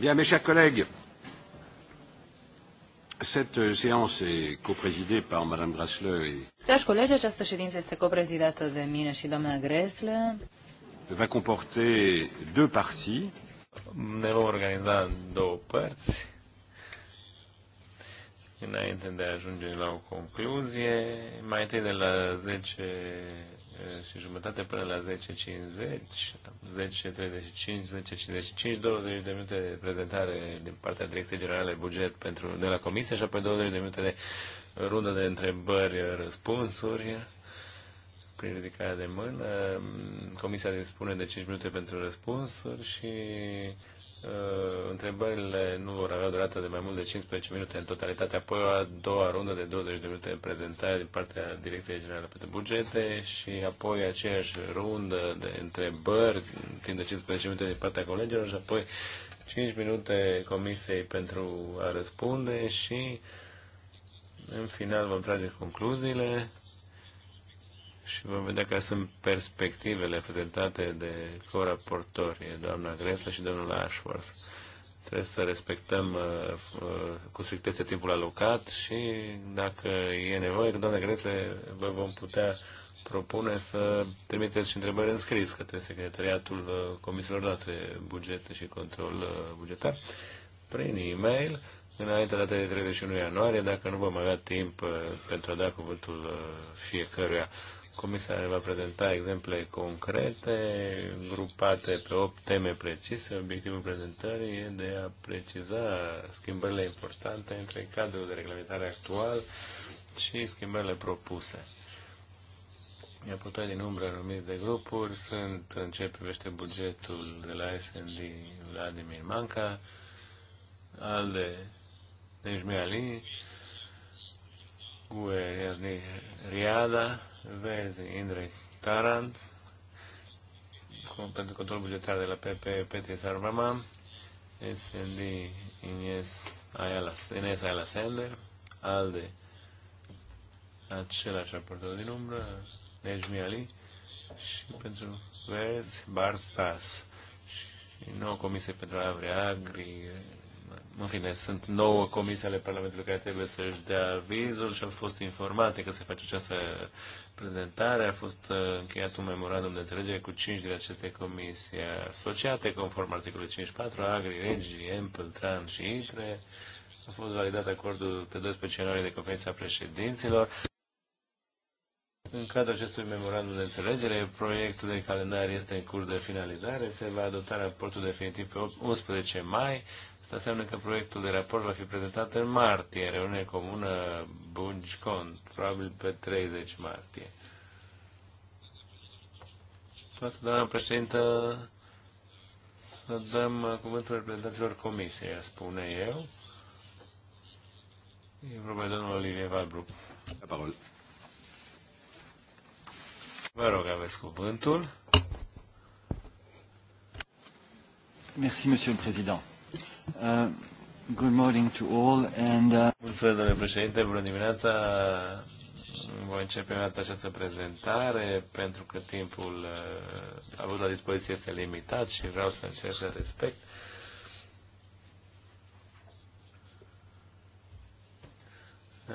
Bien, mes chers collègues, cette séance est coprésidée par Madame Grasle et... Dragi colegi, această ședință este coprezidată de mine și doamna Gresle. Va comporter deux parties. Ne vom organiza în două părți. Înainte de a ajunge la o concluzie, mai întâi de la 10 și jumătate până la 10.50, 10.35, 10.55, 20 de minute de prezentare din partea Direcției Generale Buget pentru, de la Comisie și apoi 20 de minute de rundă de întrebări, răspunsuri prin ridicarea de mână. Comisia dispune de 5 minute pentru răspunsuri și Uh, întrebările nu vor avea durată de mai mult de 15 minute în totalitate, apoi a doua rundă de 20 de minute de prezentare din partea Direcției Generale pentru Bugete și apoi aceeași rundă de întrebări timp de 15 minute din partea colegilor și apoi 5 minute Comisiei pentru a răspunde și în final vom trage concluziile și vom vedea care sunt perspectivele prezentate de coraportori, doamna Gresla și domnul Ashworth. Trebuie să respectăm uh, uh, cu strictețe timpul alocat și, dacă e nevoie, doamna Gresle, vă vom putea propune să trimiteți și întrebări în scris către Secretariatul uh, Comisiilor noastre Bugete și Control uh, Bugetar prin e-mail înainte data de 31 ianuarie, dacă nu vom avea timp pentru a da cuvântul fiecăruia. Comisia va prezenta exemple concrete, grupate pe 8 teme precise. Obiectivul prezentării e de a preciza schimbările importante între cadrul de reglementare actual și schimbările propuse. Deputați din umbră numiți de grupuri sunt, în ce privește bugetul de la SND, Vladimir Manca, al de Nejmi Ali, Gue Riada, Verzi, Indrek Tarant, pentru control bugetar de la PP, Petri Sarvama, SND, Ines Ayala, Ines Ayala Sender, ALDE, același raportor din umbră, Nejmi Ali, și pentru Verzi, Bart Stas. Și nouă comisie pentru Avre Agri, în fine, sunt nouă comisii ale Parlamentului care trebuie să-și dea avizul și au fost informate că se face această prezentare a fost uh, încheiat un memorandum de înțelegere cu 5 din aceste comisii asociate conform articolului 5.4, Agri, Regi, Empl, Tran și Intre. A fost validat acordul pe 12 ianuarie de conferința președinților. În cadrul acestui memorandum de înțelegere, proiectul de calendar este în curs de finalizare. Se va adopta raportul definitiv pe 11 mai Asta înseamnă că proiectul de raport va fi prezentat în martie, în reuniune comună bungi probabil pe 30 martie. Toată doamna președintă, să dăm cuvântul reprezentanților comisiei, spune eu. E vorba de domnul Olivier Valbruc. Vă rog, aveți cuvântul. Merci, monsieur le président. Uh, good morning to all and... Uh... Mulțumesc, domnule președinte, bună dimineața. Voi începe dată această prezentare pentru că timpul uh, avut la dispoziție este limitat și vreau să încerc să respect.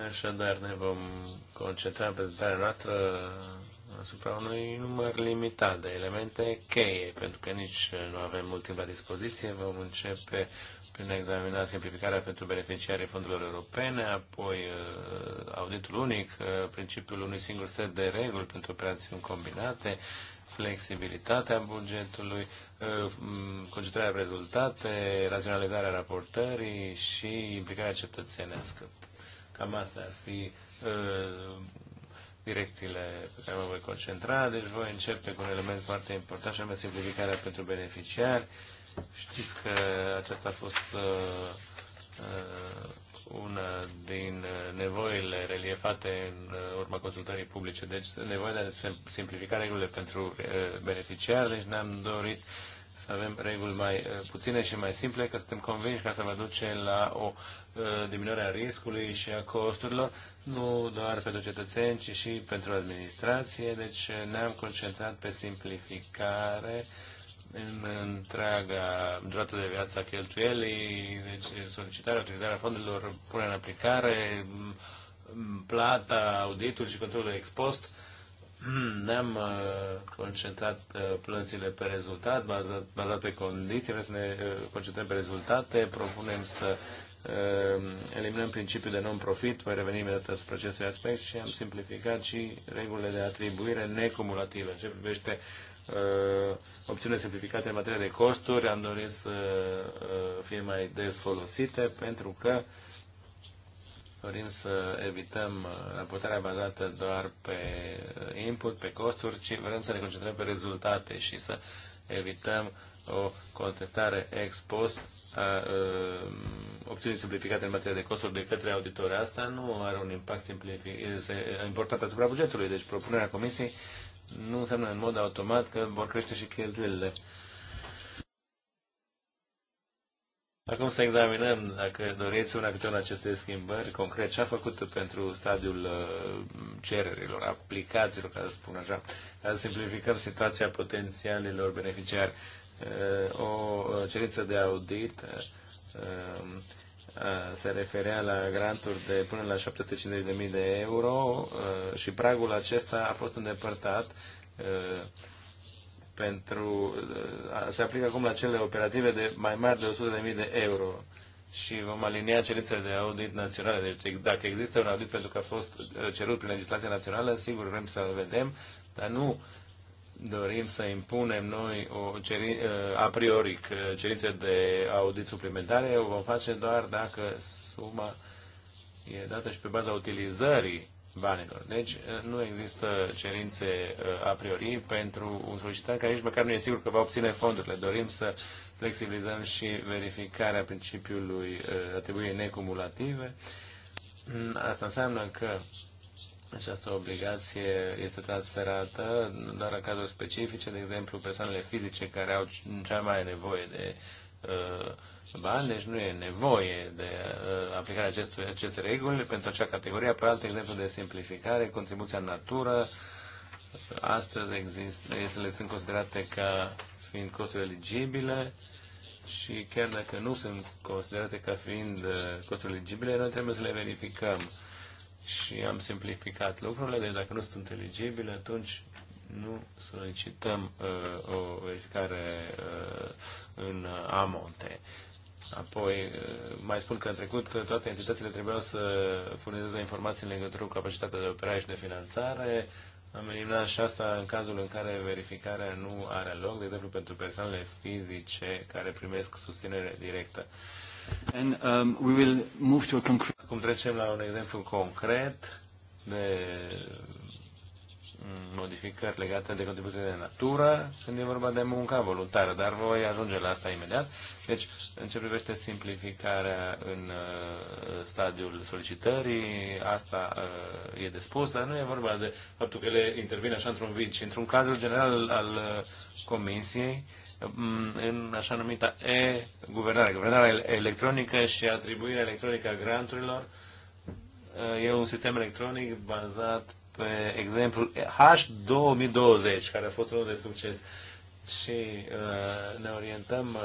Așadar, ne vom concentra în prezentarea noastră asupra unui număr limitat de elemente cheie, pentru că nici nu avem mult timp la dispoziție. Vom începe prin a examina simplificarea pentru beneficiarii fondurilor europene, apoi uh, auditul unic, uh, principiul unui singur set de reguli pentru operațiuni combinate, flexibilitatea bugetului, uh, concentrarea pe rezultate, raționalizarea raportării și implicarea cetățenească. Cam astea ar fi direcțiile pe care mă voi concentra. Deci voi începe cu un element foarte important și anume simplificarea pentru beneficiari, Știți că aceasta a fost uh, uh una din uh, nevoile reliefate în uh, urma consultării publice. Deci nevoia de a simplifica regulile pentru beneficiari, deci ne-am dorit să avem reguli mai puține și mai simple, că suntem convinși că asta va duce la o diminuare a riscului și a costurilor, nu doar pentru cetățeni, ci și pentru administrație. Deci ne-am concentrat pe simplificare în întreaga durată de viață a cheltuielii, deci solicitarea, utilizarea fondurilor, punerea în aplicare, plata, auditul și controlul ex post. Ne-am uh, concentrat uh, plățile pe rezultat, bazat, bazat pe condiții, vrem să ne uh, concentrăm pe rezultate, propunem să eliminăm principiul de non-profit, voi reveni imediat asupra acestui aspect și am simplificat și regulile de atribuire necumulative ce privește uh, opțiunile simplificate în materie de costuri am dorit să uh, fie mai des folosite pentru că dorim să evităm uh, raportarea bazată doar pe uh, input, pe costuri, ci vrem să ne concentrăm pe rezultate și să evităm o contestare ex post a, opțiunii simplificate în materie de costuri de către auditori. Asta nu are un impact important asupra bugetului, deci propunerea Comisiei nu înseamnă în mod automat că vor crește și cheltuielile. Acum să examinăm, dacă doriți, una câte una aceste schimbări, concret, ce a făcut pentru stadiul uh, cererilor, aplicațiilor, ca să spun așa, ca să simplificăm situația potențialilor beneficiari. Uh, o uh, cerință de audit se referea la granturi de până la 750.000 de euro și pragul acesta a fost îndepărtat pentru, se aplică acum la cele operative de mai mari de 100.000 de euro și vom alinia cerințele de audit naționale. Deci dacă există un audit pentru că a fost cerut prin legislația națională, sigur vrem să vedem, dar nu uh, dorim să impunem noi o ceri, uh, a priori uh, cerințe de audit suplimentare, o vom face doar dacă suma e dată și pe baza utilizării banilor. Deci uh, nu există cerințe a priori pentru un solicitant care nici măcar nu e sigur că va obține fondurile. Dorim să flexibilizăm și verificarea principiului atribuției necumulative. Mm, asta înseamnă că această obligație este transferată doar în cazuri specifice, de exemplu persoanele fizice care au cea mai nevoie de uh, bani, deci nu e nevoie de uh, aplicarea acestui, aceste reguli pentru acea categorie. Pe alt exemplu de simplificare, contribuția în natură, astăzi există, ele sunt considerate ca fiind costuri eligibile și chiar dacă nu sunt considerate ca fiind uh, costuri eligibile, noi trebuie să le verificăm și am simplificat lucrurile, deci dacă nu sunt inteligibile, atunci nu solicităm uh, o verificare uh, în amonte. Apoi, uh, mai spun că în trecut toate entitățile trebuiau să furnizeze informații în legătură cu capacitatea de operare și de finanțare. Am eliminat și asta în cazul în care verificarea nu are loc, de exemplu pentru persoanele fizice care primesc susținere directă. And um, we will move to a concrete... Acum trecem la un exemplu concret de mm, modificări legate de contribuții de natură când e vorba de munca voluntară, dar voi ajunge la asta imediat. Deci, în ce privește simplificarea în uh, stadiul solicitării, asta uh, e de spus, dar nu e vorba de faptul că ele intervine așa într-un vici. Într-un cazul general al uh, Comisiei, uh, Mm, în așa numita e-guvernare, guvernarea electronică și atribuirea electronică a granturilor. Uh, e un sistem electronic bazat pe exemplul H2020, care a fost unul de succes și uh, ne orientăm uh,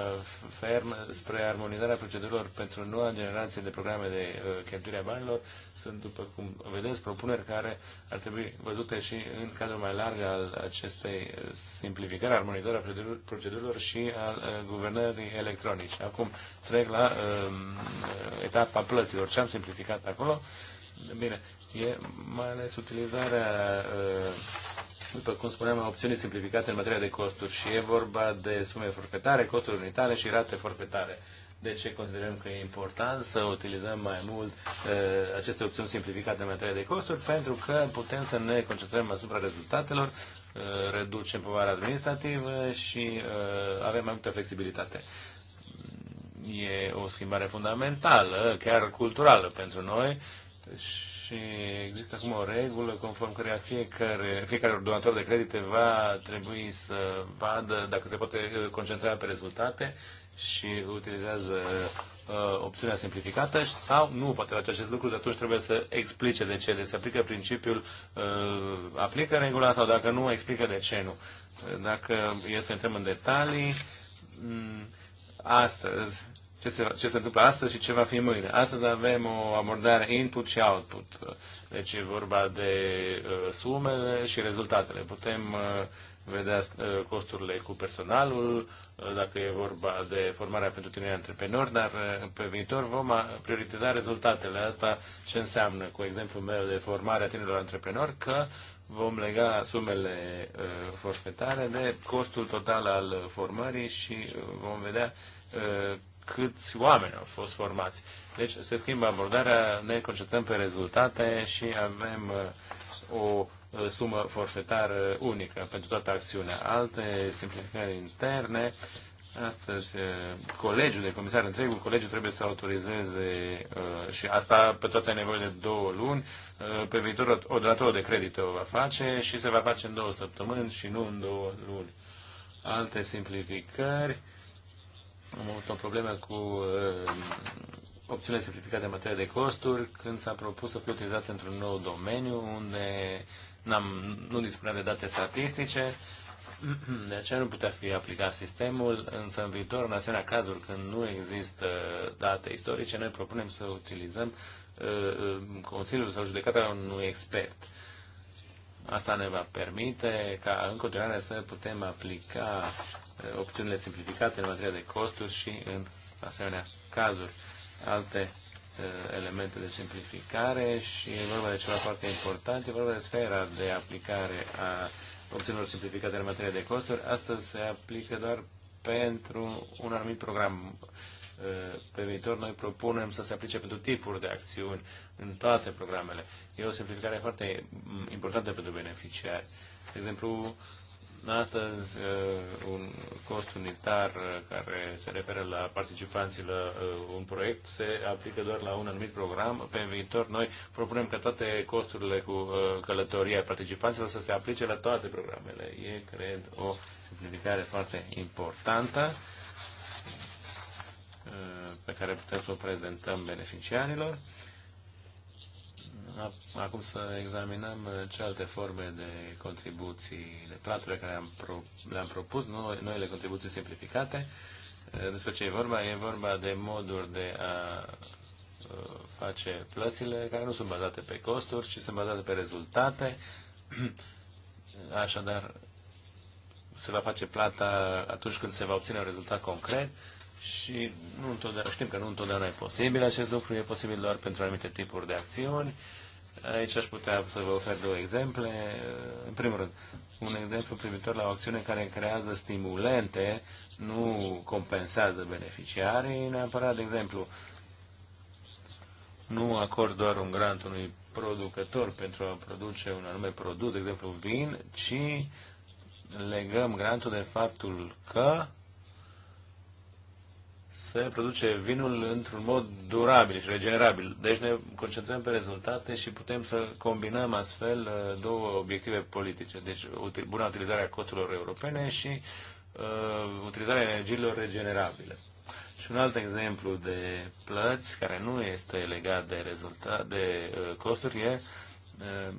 ferm spre armonizarea procedurilor pentru noua generație de programe de uh, cheltuire a banilor. Sunt, după cum vedeți, propuneri care ar trebui văzute și în cadrul mai larg al acestei simplificări, armonizarea procedurilor și al guvernării electronice. Acum trec la um, etapa plăților. Ce am simplificat acolo? Bine, e mai ales utilizarea, uh, după cum spuneam, a opțiunii simplificate în materie de costuri și e vorba de sume forfetare, costuri unitare și rate forfetare. De ce considerăm că e important să utilizăm mai mult uh, aceste opțiuni simplificate în materie de costuri? Pentru că putem să ne concentrăm asupra rezultatelor, uh, reducem povara administrativă și uh, avem mai multă flexibilitate. E o schimbare fundamentală, chiar culturală pentru noi și și există acum o regulă conform care fiecare, fiecare donator de credite va trebui să vadă dacă se poate uh, concentra pe rezultate și utilizează uh, opțiunea simplificată sau nu poate face acest lucru, atunci trebuie să explice de ce. Deci se aplică principiul uh, aplică regula sau dacă nu, explică de ce nu. Dacă e să intrăm în detalii, mm, astăzi ce se, ce se întâmplă astăzi și ce va fi mâine. Astăzi avem o abordare input și output. Deci e vorba de uh, sumele și rezultatele. Putem uh, vedea uh, costurile cu personalul, uh, dacă e vorba de formarea pentru tineri antreprenori, dar uh, pe viitor vom uh, prioritiza rezultatele. Asta ce înseamnă, cu exemplul meu de formarea tinerilor antreprenori, că vom lega sumele uh, forfetare de costul total al formării și uh, vom vedea uh, câți oameni au fost formați. Deci se schimbă abordarea, ne concentrăm pe rezultate și avem uh, o uh, sumă forfetară unică pentru toată acțiunea. Alte simplificări interne, astăzi uh, colegiul de comisar, întregul colegiu trebuie să autorizeze și asta pe toate nevoile de două luni. Pe viitor, o donatorul de credit o va face și se va face în două săptămâni și nu în două luni. Alte simplificări, am avut o problemă cu uh, opțiunile simplificate în materie de costuri când s-a propus să fie utilizat într-un nou domeniu unde n-am, nu dispuneam de date statistice, de aceea nu putea fi aplicat sistemul, însă în viitor, în asemenea cazuri când nu există date istorice, noi propunem să utilizăm uh, uh Consiliul sau judecata unui expert. Uh, Asta ne va permite ca în continuare să putem aplica eh, opțiunile simplificate în materie de costuri și în asemenea cazuri. Alte eh, elemente de simplificare și e vorba de ceva foarte important, e vorba de sfera de aplicare a opțiunilor simplificate în materie de costuri. Astăzi se aplică doar pentru un anumit program. Eh, pe viitor noi propunem să se aplice pentru tipuri de acțiuni în toate programele. E o simplificare foarte importantă pentru beneficiari. De exemplu, astăzi uh, un cost unitar uh, care se referă la participanții la uh, un proiect se aplică doar la un anumit program. Pe viitor noi propunem că toate costurile cu călătoria participanților să se aplice la toate programele. E, cred, o simplificare foarte importantă pe care putem să o prezentăm beneficiarilor acum să examinăm uh, ce alte forme de contribuții, de platurile care le-am pro, le propus, noi, noile contribuții simplificate. Uh, despre ce e vorba? E vorba de moduri de a uh, face plățile care nu sunt bazate pe costuri, ci sunt bazate pe rezultate. Așadar, se va face plata atunci când se va obține un rezultat concret și nu întotdeauna, știm că nu întotdeauna e posibil acest lucru, e posibil doar pentru anumite tipuri de acțiuni. Aici aș putea să vă ofer două exemple. În primul rând, un exemplu privitor la o acțiune care creează stimulente, nu compensează beneficiarii neapărat. De exemplu, nu acord doar un grant unui producător pentru a produce un anume produs, de exemplu vin, ci legăm grantul de faptul că se produce vinul într-un mod durabil și regenerabil. Deci ne concentrăm pe rezultate și putem să combinăm astfel uh, două obiective politice. Deci buna utilizare a costurilor europene și uh, utilizarea energiilor regenerabile. Și un alt exemplu de plăți care nu este legat de rezultat, de uh, costuri e uh,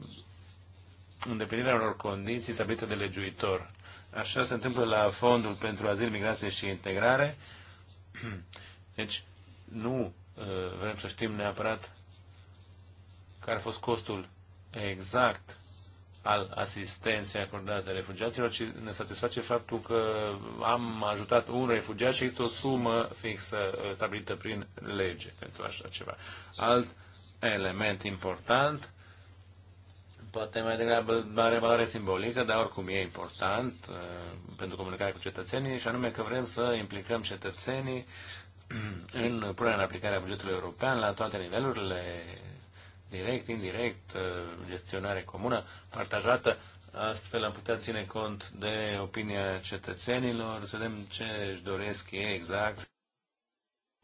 îndeplinirea unor condiții stabilite de legiuitor. Așa se întâmplă la Fondul pentru Azil, Migrație și Integrare, uh, Hmm. Deci, nu uh, vrem să știm neapărat care a fost costul exact al asistenței acordate refugiaților, ci ne satisface faptul că am ajutat un refugiat și există o sumă fixă uh, stabilită prin lege pentru așa ceva. Alt element important poate mai degrabă are valoare simbolică, dar oricum e important uh, pentru comunicarea cu cetățenii și anume că vrem să implicăm cetățenii în punerea în aplicare a bugetului european la toate nivelurile, direct, indirect, uh, gestionare comună, partajată, Astfel am putea ține cont de opinia cetățenilor, să vedem ce își doresc ei exact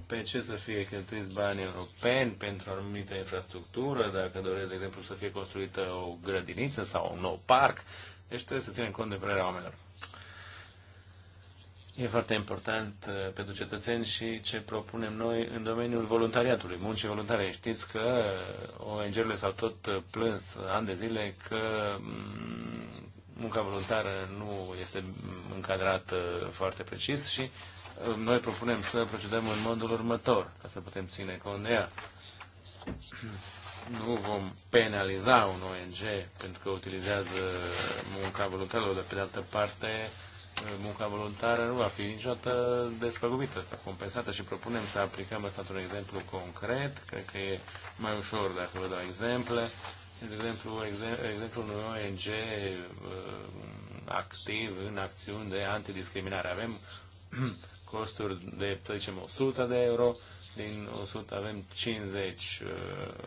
pe ce să fie cheltuiți bani europeni pentru anumită infrastructură, dacă doresc, de exemplu, să fie construită o grădiniță sau un nou parc. Deci trebuie să ținem cont de părerea oamenilor. E foarte important uh, pentru cetățeni și ce propunem noi în domeniul voluntariatului, muncii voluntare. Știți că uh, ONG-urile s-au tot uh, plâns ani de zile că mm, munca voluntară nu este încadrată foarte precis și noi propunem să procedăm în modul următor, ca să putem ține cont de ea. Nu vom penaliza un ONG pentru că utilizează munca voluntară, dar pe de altă parte munca voluntară nu va fi niciodată despăgubită sau compensată și propunem să aplicăm asta un exemplu concret, cred că e mai ușor dacă vă dau exemple. De exemplu, exemplu unui ONG uh, activ în acțiuni de antidiscriminare. Avem costuri de, să zicem, 100 de euro, din 100 avem 50 uh,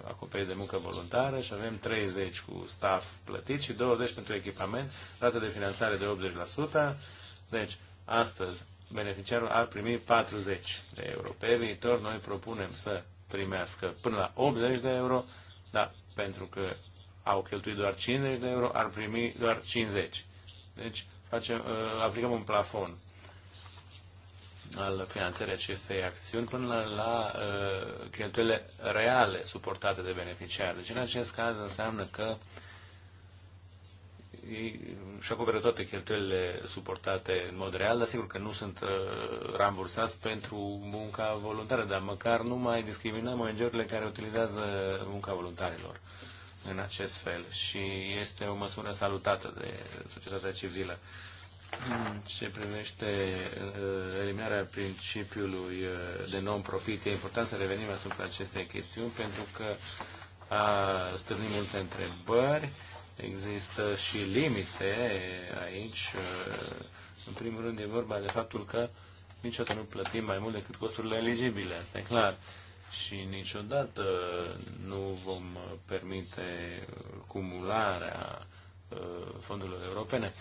acoperi de muncă voluntară și avem 30 cu staff plătit și 20 pentru echipament, rată de finanțare de 80%. Deci, astăzi, beneficiarul ar primi 40 de euro. Pe viitor, noi propunem să primească până la 80 de euro, dar pentru că au cheltuit doar 50 de euro, ar primi doar 50. Deci, facem, uh, aplicăm un plafon al finanțării acestei acțiuni până la, la uh, cheltuielile reale suportate de beneficiari. Deci, în acest caz, înseamnă că și acoperă toate cheltuielile suportate în mod real, dar sigur că nu sunt uh, rambursați pentru munca voluntară, dar măcar nu mai discriminăm ONG-urile care utilizează munca voluntarilor în acest fel și este o măsură salutată de societatea civilă. Uh, ce privește uh, eliminarea principiului uh, de non-profit, e important să revenim asupra acestei chestiuni pentru că a stârnit multe întrebări, există și limite aici. Uh, în primul rând e vorba de faptul că niciodată nu plătim mai mult decât costurile eligibile, asta e clar. Și niciodată nu vom permite cumularea fondurilor europene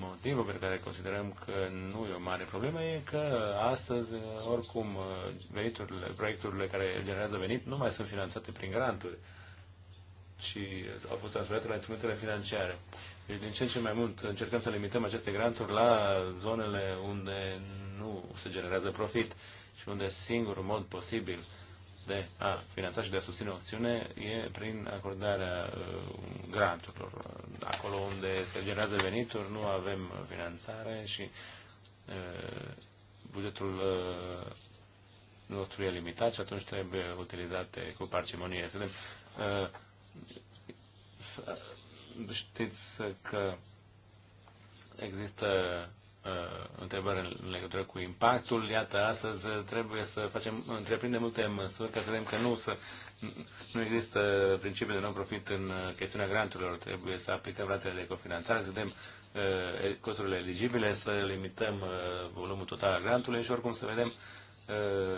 motivul pe care considerăm că nu e o mare problemă e că astăzi, oricum, veniturile, proiecturile care generează venit nu mai sunt finanțate prin granturi, ci au fost transferate la instrumentele financiare. Deci, din ce în ce mai mult, încercăm să limităm aceste granturi la zonele unde nu se generează profit și unde singurul mod posibil de a finanța și de a susține o acțiune e prin acordarea uh, granturilor. Acolo unde se generează venituri nu avem finanțare și uh, bugetul uh, nostru e limitat și atunci trebuie utilizate cu parcimonie. Să știți că există Uh, întrebări în legătură cu impactul. Iată, astăzi uh, trebuie să facem, întreprindem multe măsuri ca să vedem că nu, să, nu există principiul de non-profit în uh, chestiunea granturilor. Trebuie să aplicăm ratele de cofinanțare, să vedem costurile eligibile, să limităm volumul total al grantului și oricum să vedem uh, Uh,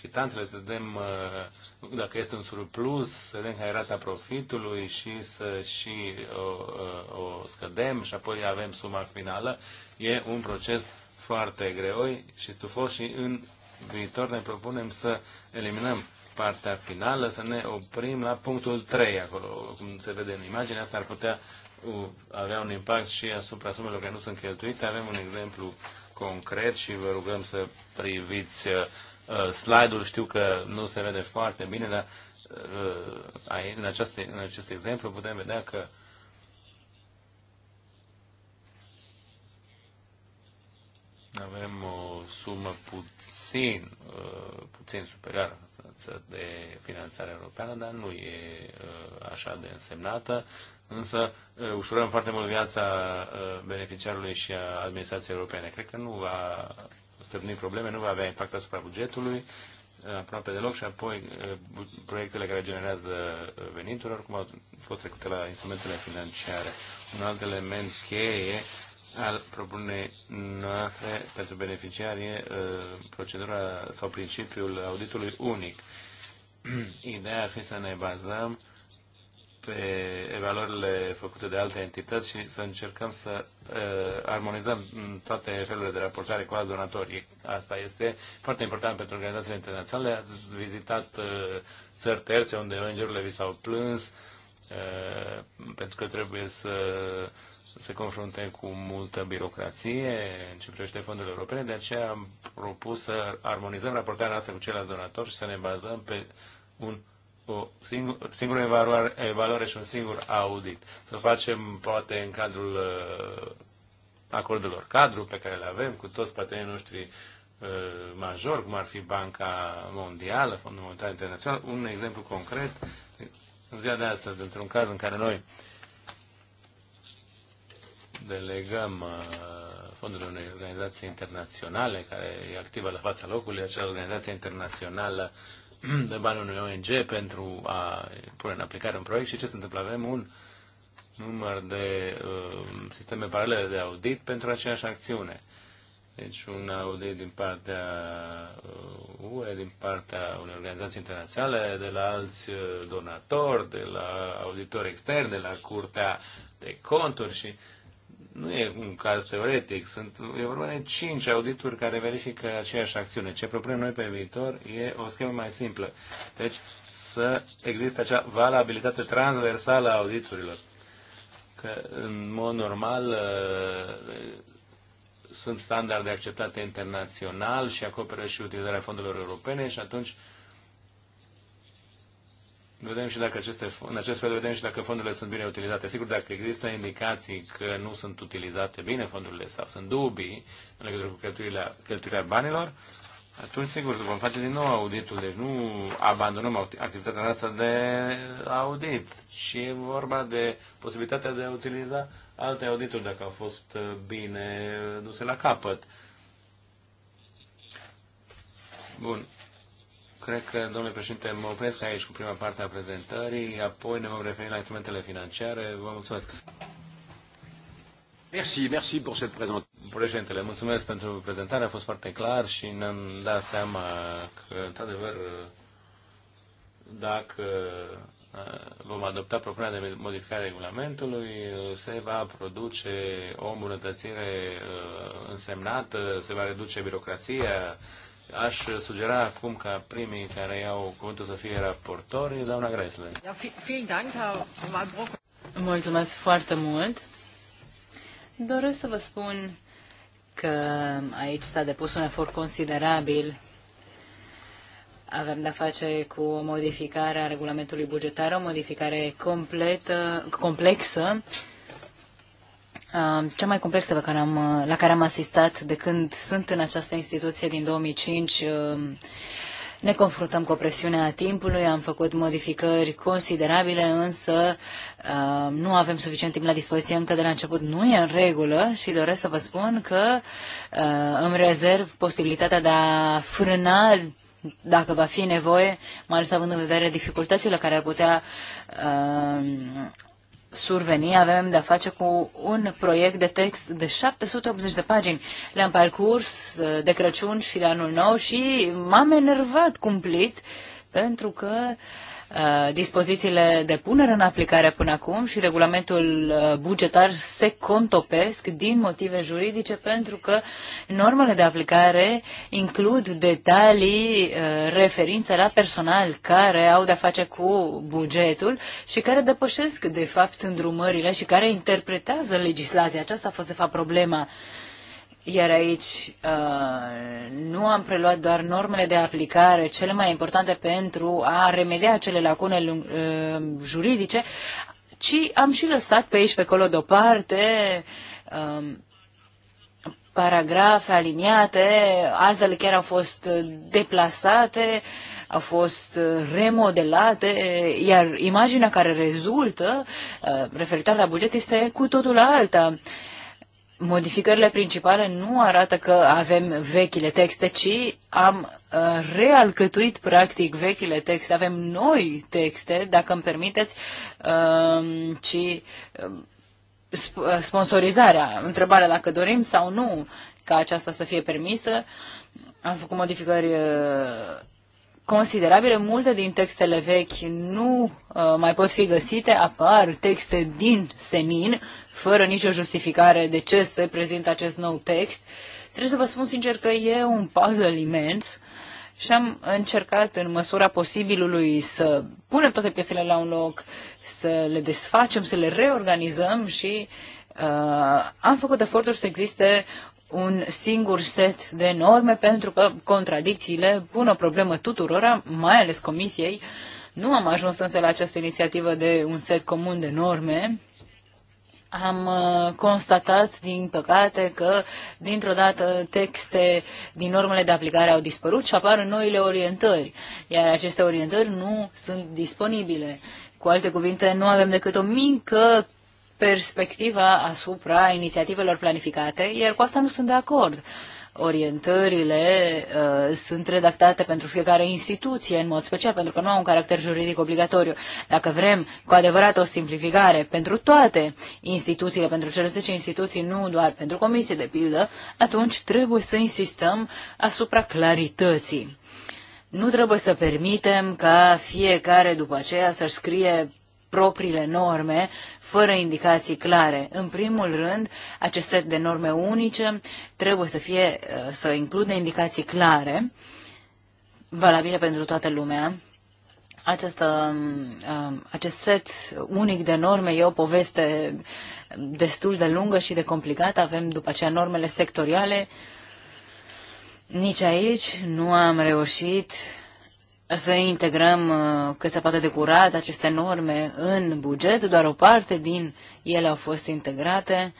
chitanțele, să vedem uh, dacă este un surplus, să vedem care rata profitului și să și o, uh, o scădem și apoi avem suma finală. E un proces foarte greu și stufos și în viitor ne propunem să eliminăm partea finală, să ne oprim la punctul 3 acolo, cum se vede în imagine, asta ar putea avea un impact și asupra sumelor care nu sunt cheltuite. Avem un exemplu uh, concret și vă rugăm să priviți uh, slide-ul. Știu că nu se vede foarte bine, dar uh, aici, în, această, în acest exemplu putem vedea că avem o sumă puțin, uh, puțin superioară de finanțare europeană, dar nu e uh, așa de însemnată însă uh, ușurăm foarte mult viața uh, beneficiarului și a administrației europene. Cred că nu va stârni probleme, nu va avea impact asupra bugetului, uh, aproape deloc și apoi proiectele care generează venituri, oricum au fost trecute la instrumentele financiare. Un alt element cheie al propunerii noastre pentru beneficiari e procedura sau principiul auditului unic. Ideea ar fi să ne bazăm evaluările făcute de alte entități și să încercăm să uh, armonizăm toate felurile de raportare cu alți donatori. Asta este foarte important pentru organizațiile internaționale. Ați vizitat uh, țări terțe unde ONG-urile vi s-au plâns uh, pentru că trebuie să se confrunte cu multă birocrație în ce privește fondurile europene, de aceea am propus să armonizăm raportarea noastră cu ceilalți donatori și să ne bazăm pe un o singur, singură evaluare, evaluare și un singur audit. Să facem, poate, în cadrul uh, acordelor cadru pe care le avem cu toți partenerii noștri major, uh, majori, cum ar fi Banca Mondială, Fondul Monetar Internațional. Un exemplu concret, în ziua de astăzi, într-un caz în care noi delegăm uh, fondul fondurile unei organizații internaționale care e activă la fața locului, acea organizație internațională uh, de bani unui ONG pentru a pune în aplicare un proiect și ce se întâmplă? Avem un număr de uh, sisteme paralele de audit pentru aceeași acțiune. Deci un audit din partea UE, uh, din partea unei organizații internaționale, de la alți uh, donatori, de la auditori externi, de la Curtea de Conturi și uh, nu e un caz teoretic, sunt, e vorba de cinci audituri care verifică aceeași acțiune. Ce propunem noi pe viitor e o schemă mai simplă. Deci să existe acea valabilitate transversală a auditurilor. Că în mod normal ă, sunt standarde acceptate internațional și acoperă și utilizarea fondurilor europene și atunci vedem și dacă aceste, în acest fel vedem și dacă fondurile sunt bine utilizate. Sigur, dacă există indicații că nu sunt utilizate bine fondurile sau sunt dubii în legătură cu cheltuirea, cheltuirea banilor, atunci, sigur, vom face din nou auditul, deci nu abandonăm activitatea noastră de audit, ci e vorba de posibilitatea de a utiliza alte audituri dacă au fost uh, bine uh, duse la capăt. Bun. Cred că, domnule președinte, mă opresc aici cu prima parte a prezentării, apoi ne vom referi la instrumentele financiare. Vă mulțumesc. Merci, merci pour cette présentation. Președintele, mulțumesc pentru prezentare, a fost foarte clar și ne-am dat seama că, într-adevăr, dacă uh, vom adopta propunerea de modificare a regulamentului, se va produce o îmbunătățire uh, însemnată, se va reduce birocrația, Aș sugera acum ca primii care iau cuvântul să fie raportori, doamna Gresle. Mulțumesc foarte mult. Doresc să vă spun că aici s-a depus un efort considerabil. Avem de-a face cu o modificare a regulamentului bugetar, o modificare completă, complexă, cea mai complexă pe care am, la care am asistat de când sunt în această instituție din 2005. Um, ne confruntăm cu presiunea timpului, am făcut modificări considerabile, însă um, nu avem suficient timp la dispoziție încă de la început. Nu e în regulă și doresc să vă spun că uh, îmi rezerv posibilitatea de a frâna dacă va fi nevoie, mai ales având în vedere dificultățile care ar putea uh, surveni, avem de-a face cu un proiect de text de 780 de pagini. Le-am parcurs uh, de Crăciun și de Anul Nou și m-am enervat cumplit pentru că uh, Uh, dispozițiile de punere în aplicare până acum și regulamentul uh, bugetar se contopesc din motive juridice pentru că normele de aplicare includ detalii uh, referințe la personal care au de-a face cu bugetul și care depășesc de fapt îndrumările și care interpretează legislația. Aceasta a fost de fapt problema iar aici uh, nu am preluat doar normele de aplicare, cele mai importante pentru a remedia acele lacune uh, juridice, ci am și lăsat pe aici, pe acolo, deoparte um, paragrafe aliniate, altele chiar au fost deplasate, au fost remodelate, iar imaginea care rezultă uh, referitoare la buget este cu totul alta modificările principale nu arată că avem vechile texte, ci am uh, realcătuit practic vechile texte, avem noi texte, dacă îmi permiteți, um, ci um, uh, sponsorizarea, întrebarea dacă dorim sau nu ca aceasta să fie permisă. Am făcut modificări uh, considerabile. Multe din textele vechi nu uh, mai pot fi găsite, apar texte din senin, fără nicio justificare de ce se prezintă acest nou text. Trebuie să vă spun sincer că e un puzzle imens și am încercat în măsura posibilului să punem toate piesele la un loc, să le desfacem, să le reorganizăm și uh, am făcut eforturi să existe un singur set de norme, pentru că contradicțiile pun o problemă tuturora, mai ales Comisiei. Nu am ajuns însă la această inițiativă de un set comun de norme. Am uh, constatat, din păcate, că dintr-o dată texte din normele de aplicare au dispărut și apar noile orientări, iar aceste orientări nu sunt disponibile. Cu alte cuvinte, nu avem decât o mică perspectiva asupra inițiativelor planificate, iar cu asta nu sunt de acord. Orientările uh, sunt redactate pentru fiecare instituție, în mod special, pentru că nu au un caracter juridic obligatoriu. Dacă vrem cu adevărat o simplificare pentru toate instituțiile, pentru cele 10 instituții, nu doar pentru comisie, de pildă, atunci trebuie să insistăm asupra clarității. Nu trebuie să permitem ca fiecare după aceea să-și scrie propriile norme fără indicații clare. În primul rând, acest set de norme unice trebuie să fie uh, să includă indicații clare valabile pentru toată lumea. Acest, um, um, acest set unic de norme e o poveste destul de lungă și de complicată. Avem după aceea normele sectoriale. Nici aici nu am reușit să integrăm uh, cât se poate de curat aceste norme în buget, doar o parte din ele au fost integrate.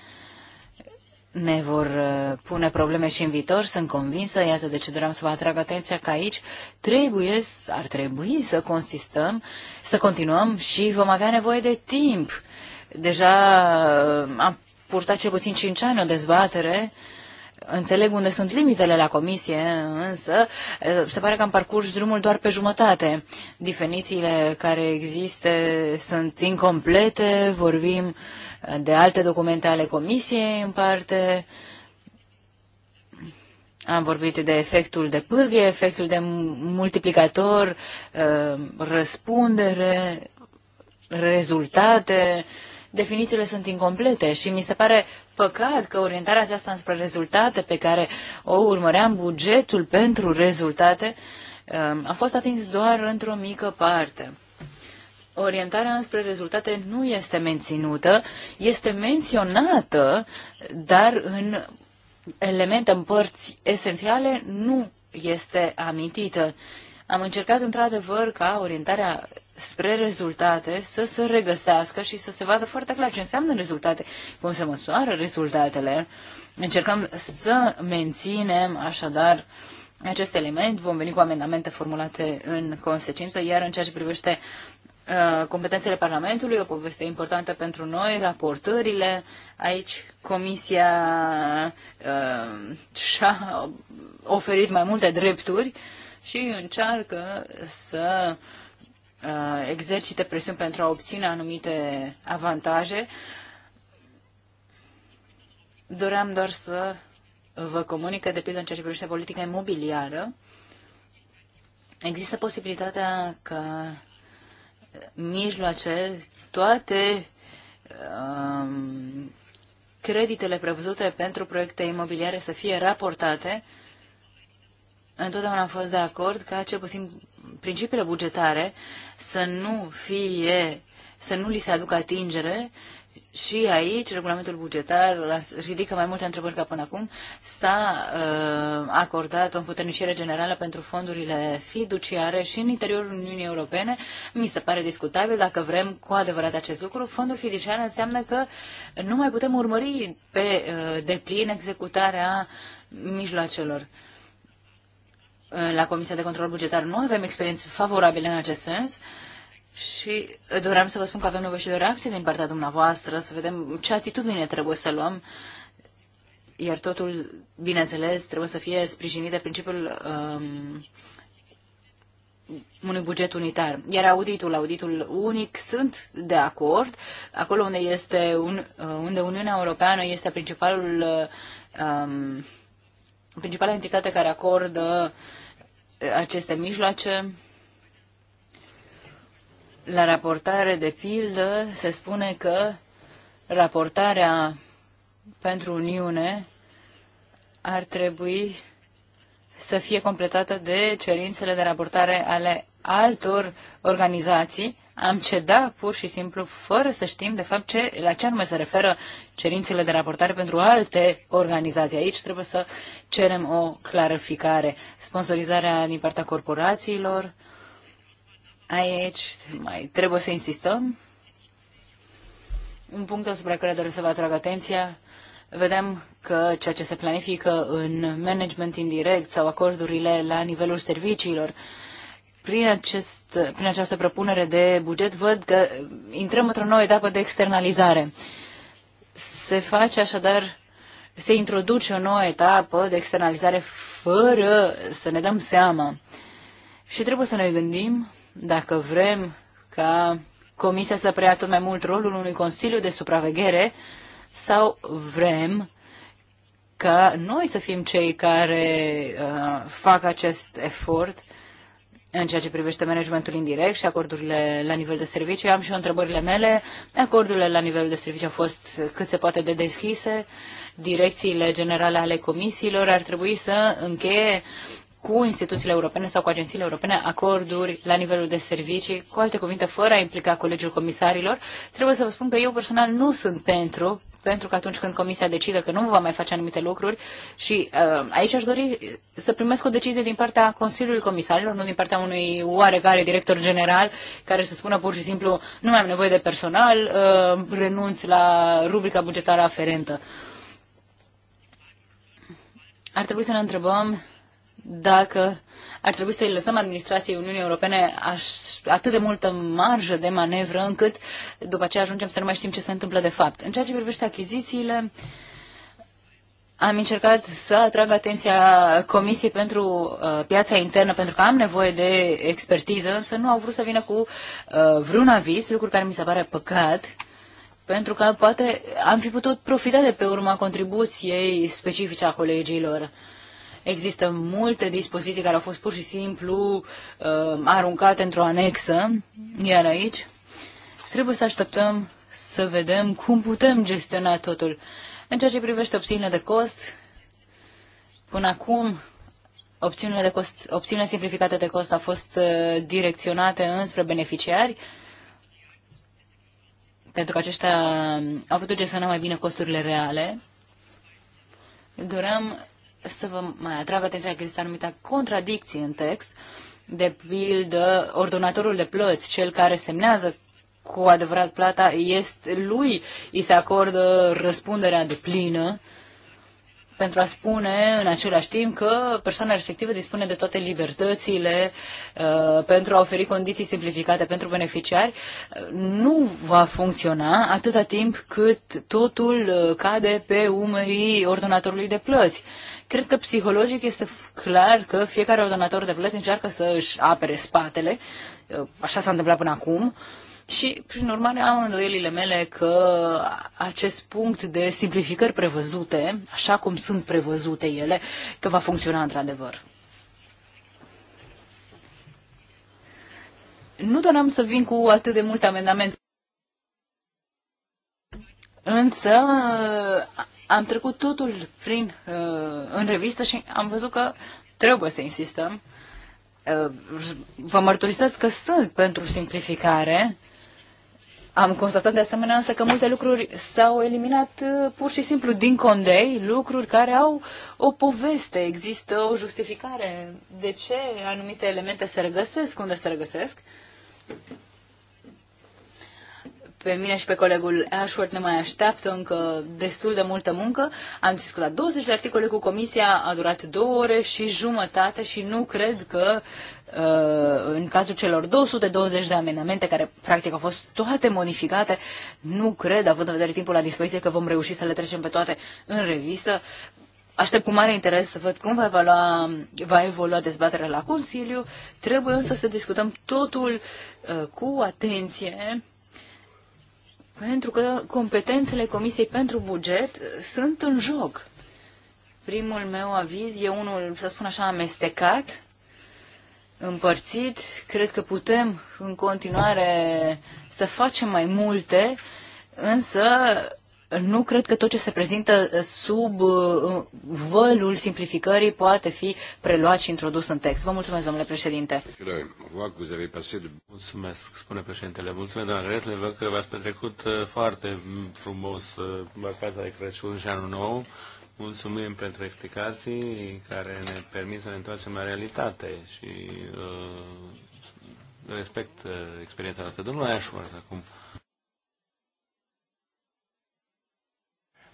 Ne vor uh, pune probleme și în viitor, sunt convinsă, iată de ce doream să vă atrag atenția că aici trebuie, ar trebui să consistăm, să continuăm și vom avea nevoie de timp. Deja uh, am purtat cel puțin 5 ani o dezbatere Înțeleg unde sunt limitele la comisie, însă se pare că am parcurs drumul doar pe jumătate. Definițiile care există sunt incomplete, vorbim de alte documente ale comisiei în parte. Am vorbit de efectul de pârghie, efectul de multiplicator, răspundere, rezultate, definițiile sunt incomplete și mi se pare păcat că orientarea aceasta spre rezultate pe care o urmăream bugetul pentru rezultate um, a fost atins doar într-o mică parte. Orientarea înspre rezultate nu este menținută, este menționată, dar în elemente, în părți esențiale, nu este amintită. Am încercat într-adevăr ca orientarea spre rezultate să se regăsească și să se vadă foarte clar ce înseamnă rezultate, cum se măsoară rezultatele. Încercăm să menținem așadar acest element, vom veni cu amendamente formulate în consecință, iar în ceea ce privește uh, competențele Parlamentului, o poveste importantă pentru noi, raportările. Aici Comisia uh, și-a oferit mai multe drepturi și încearcă să uh, Uh, exercite presiuni pentru a obține anumite avantaje. Doream doar să vă că, de pildă în ceea ce privește politica imobiliară, există posibilitatea ca mijloace, toate um, creditele prevăzute pentru proiecte imobiliare să fie raportate. Întotdeauna am fost de acord ca cel puțin principiile bugetare să nu fie, să nu li se aducă atingere și aici regulamentul bugetar ridică mai multe întrebări ca până acum. S-a uh, acordat o împuternicire generală pentru fondurile fiduciare și în interiorul Uniunii Europene. Mi se pare discutabil dacă vrem cu adevărat acest lucru. Fondul fiduciar înseamnă că nu mai putem urmări pe uh, deplin executarea mijloacelor. Uh, la Comisia de Control Bugetar nu avem experiențe favorabile în acest sens și doream să vă spun că avem nevoie și de reacție din partea dumneavoastră, să vedem ce atitudine trebuie să luăm, iar totul, bineînțeles, trebuie să fie sprijinit de principiul um, unui buget unitar. Iar auditul, auditul unic, sunt de acord, acolo unde, este un, unde Uniunea Europeană este principalul um, principala entitate care acordă uh, aceste mijloace. La raportare, de pildă, se spune că raportarea pentru Uniune ar trebui să fie completată de cerințele de raportare ale altor organizații am cedat pur și simplu fără să știm de fapt ce, la ce anume se referă cerințele de raportare pentru alte organizații. Aici trebuie să cerem o clarificare. Sponsorizarea din partea corporațiilor, aici mai trebuie să insistăm. Un punct asupra care doresc să vă atrag atenția, vedem că ceea ce se planifică în management indirect sau acordurile la nivelul serviciilor, prin, acest, prin această propunere de buget văd că intrăm într-o nouă etapă de externalizare. Se face așadar, se introduce o nouă etapă de externalizare fără să ne dăm seama. Și trebuie să ne gândim dacă vrem ca Comisia să preia tot mai mult rolul unui Consiliu de Supraveghere sau vrem ca noi să fim cei care uh, fac acest efort în ceea ce privește managementul indirect și acordurile la nivel de serviciu. Am și eu întrebările mele. Acordurile la nivel de serviciu au fost cât se poate de deschise. Direcțiile generale ale comisiilor ar trebui să încheie cu instituțiile europene sau cu agențiile europene acorduri la nivelul de servicii, cu alte cuvinte, fără a implica colegiul comisarilor. Trebuie să vă spun că eu personal nu sunt pentru pentru că atunci când comisia decide că nu va mai face anumite lucruri și uh, aici aș dori să primesc o decizie din partea Consiliului Comisarilor, nu din partea unui oarecare director general care să spună pur și simplu nu mai am nevoie de personal, uh, renunț la rubrica bugetară aferentă. Ar trebui să ne întrebăm dacă ar trebui să-i lăsăm administrației Uniunii Europene atât de multă marjă de manevră încât după aceea ajungem să nu mai știm ce se întâmplă de fapt. În ceea ce privește achizițiile, am încercat să atrag atenția Comisiei pentru uh, piața internă, pentru că am nevoie de expertiză, însă nu au vrut să vină cu uh, vreun avis, lucru care mi se pare păcat, pentru că poate am fi putut profita de pe urma contribuției specifice a colegilor. Există multe dispoziții care au fost pur și simplu uh, aruncate într-o anexă, iar aici trebuie să așteptăm să vedem cum putem gestiona totul. În ceea ce privește opțiunile de cost, până acum opțiunile, de cost, opțiunile simplificate de cost au fost uh, direcționate înspre beneficiari, pentru că aceștia uh, au putut gestiona mai bine costurile reale. Doream să vă mai atrag atenția că există anumite contradicții în text. De pildă, ordonatorul de plăți, cel care semnează cu adevărat plata, este lui îi se acordă răspunderea de plină pentru a spune în același timp că persoana respectivă dispune de toate libertățile uh, pentru a oferi condiții simplificate pentru beneficiari, nu va funcționa atâta timp cât totul uh, cade pe umerii ordonatorului de plăți. Cred că psihologic este clar că fiecare ordonator de plăți încearcă să își apere spatele, așa s-a întâmplat până acum, și, prin urmare, am îndoielile mele că acest punct de simplificări prevăzute, așa cum sunt prevăzute ele, că va funcționa într-adevăr. Nu doream să vin cu atât de multe amendamente. Însă am trecut totul prin, uh, în revistă și am văzut că trebuie să insistăm. Uh, vă mărturisesc că sunt pentru simplificare. Am constatat de asemenea însă că multe lucruri s-au eliminat uh, pur și simplu din condei, lucruri care au o poveste, există o justificare de ce anumite elemente se regăsesc, unde se regăsesc pe mine și pe colegul Ashworth ne mai așteaptă încă destul de multă muncă. Am discutat 20 de articole cu comisia, a durat două ore și jumătate și nu cred că uh, în cazul celor 220 de amendamente, care practic au fost toate modificate, nu cred, având în vedere timpul la dispoziție, că vom reuși să le trecem pe toate în revistă. Aștept cu mare interes să văd cum va evolua, va evolua dezbaterea la Consiliu. Trebuie însă să discutăm totul uh, cu atenție pentru că competențele Comisiei pentru Buget uh, sunt în joc. Primul meu aviz e unul, să spun așa, amestecat, împărțit. Cred că putem în continuare să facem mai multe, însă nu cred că tot ce se prezintă uh, sub uh, vălul simplificării poate fi preluat și introdus în text. Vă mulțumesc, domnule președinte. Mulțumesc, spune președintele. Mulțumesc, doamne Retle, văd că v-ați petrecut uh, foarte frumos vacanța de Crăciun și anul nou. Mulțumim pentru explicații care ne permit să ne întoarcem la realitate și uh, respect experiența noastră. Domnul Ashworth, acum.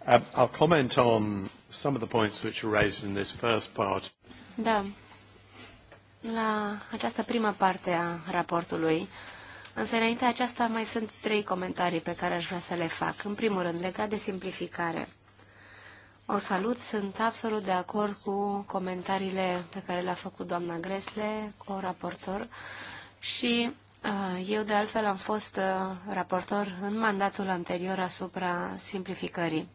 Um, I'll comment on some of the points which were raised in this first part. Da. La această primă parte a raportului, însă înainte aceasta mai sunt trei comentarii pe care aș vrea să le fac. În primul rând, legat de simplificare. O salut, sunt absolut de acord cu comentariile pe care le-a făcut doamna Gresle, cu raportor, și uh, eu, de altfel, am fost uh, raportor în mandatul anterior asupra simplificării.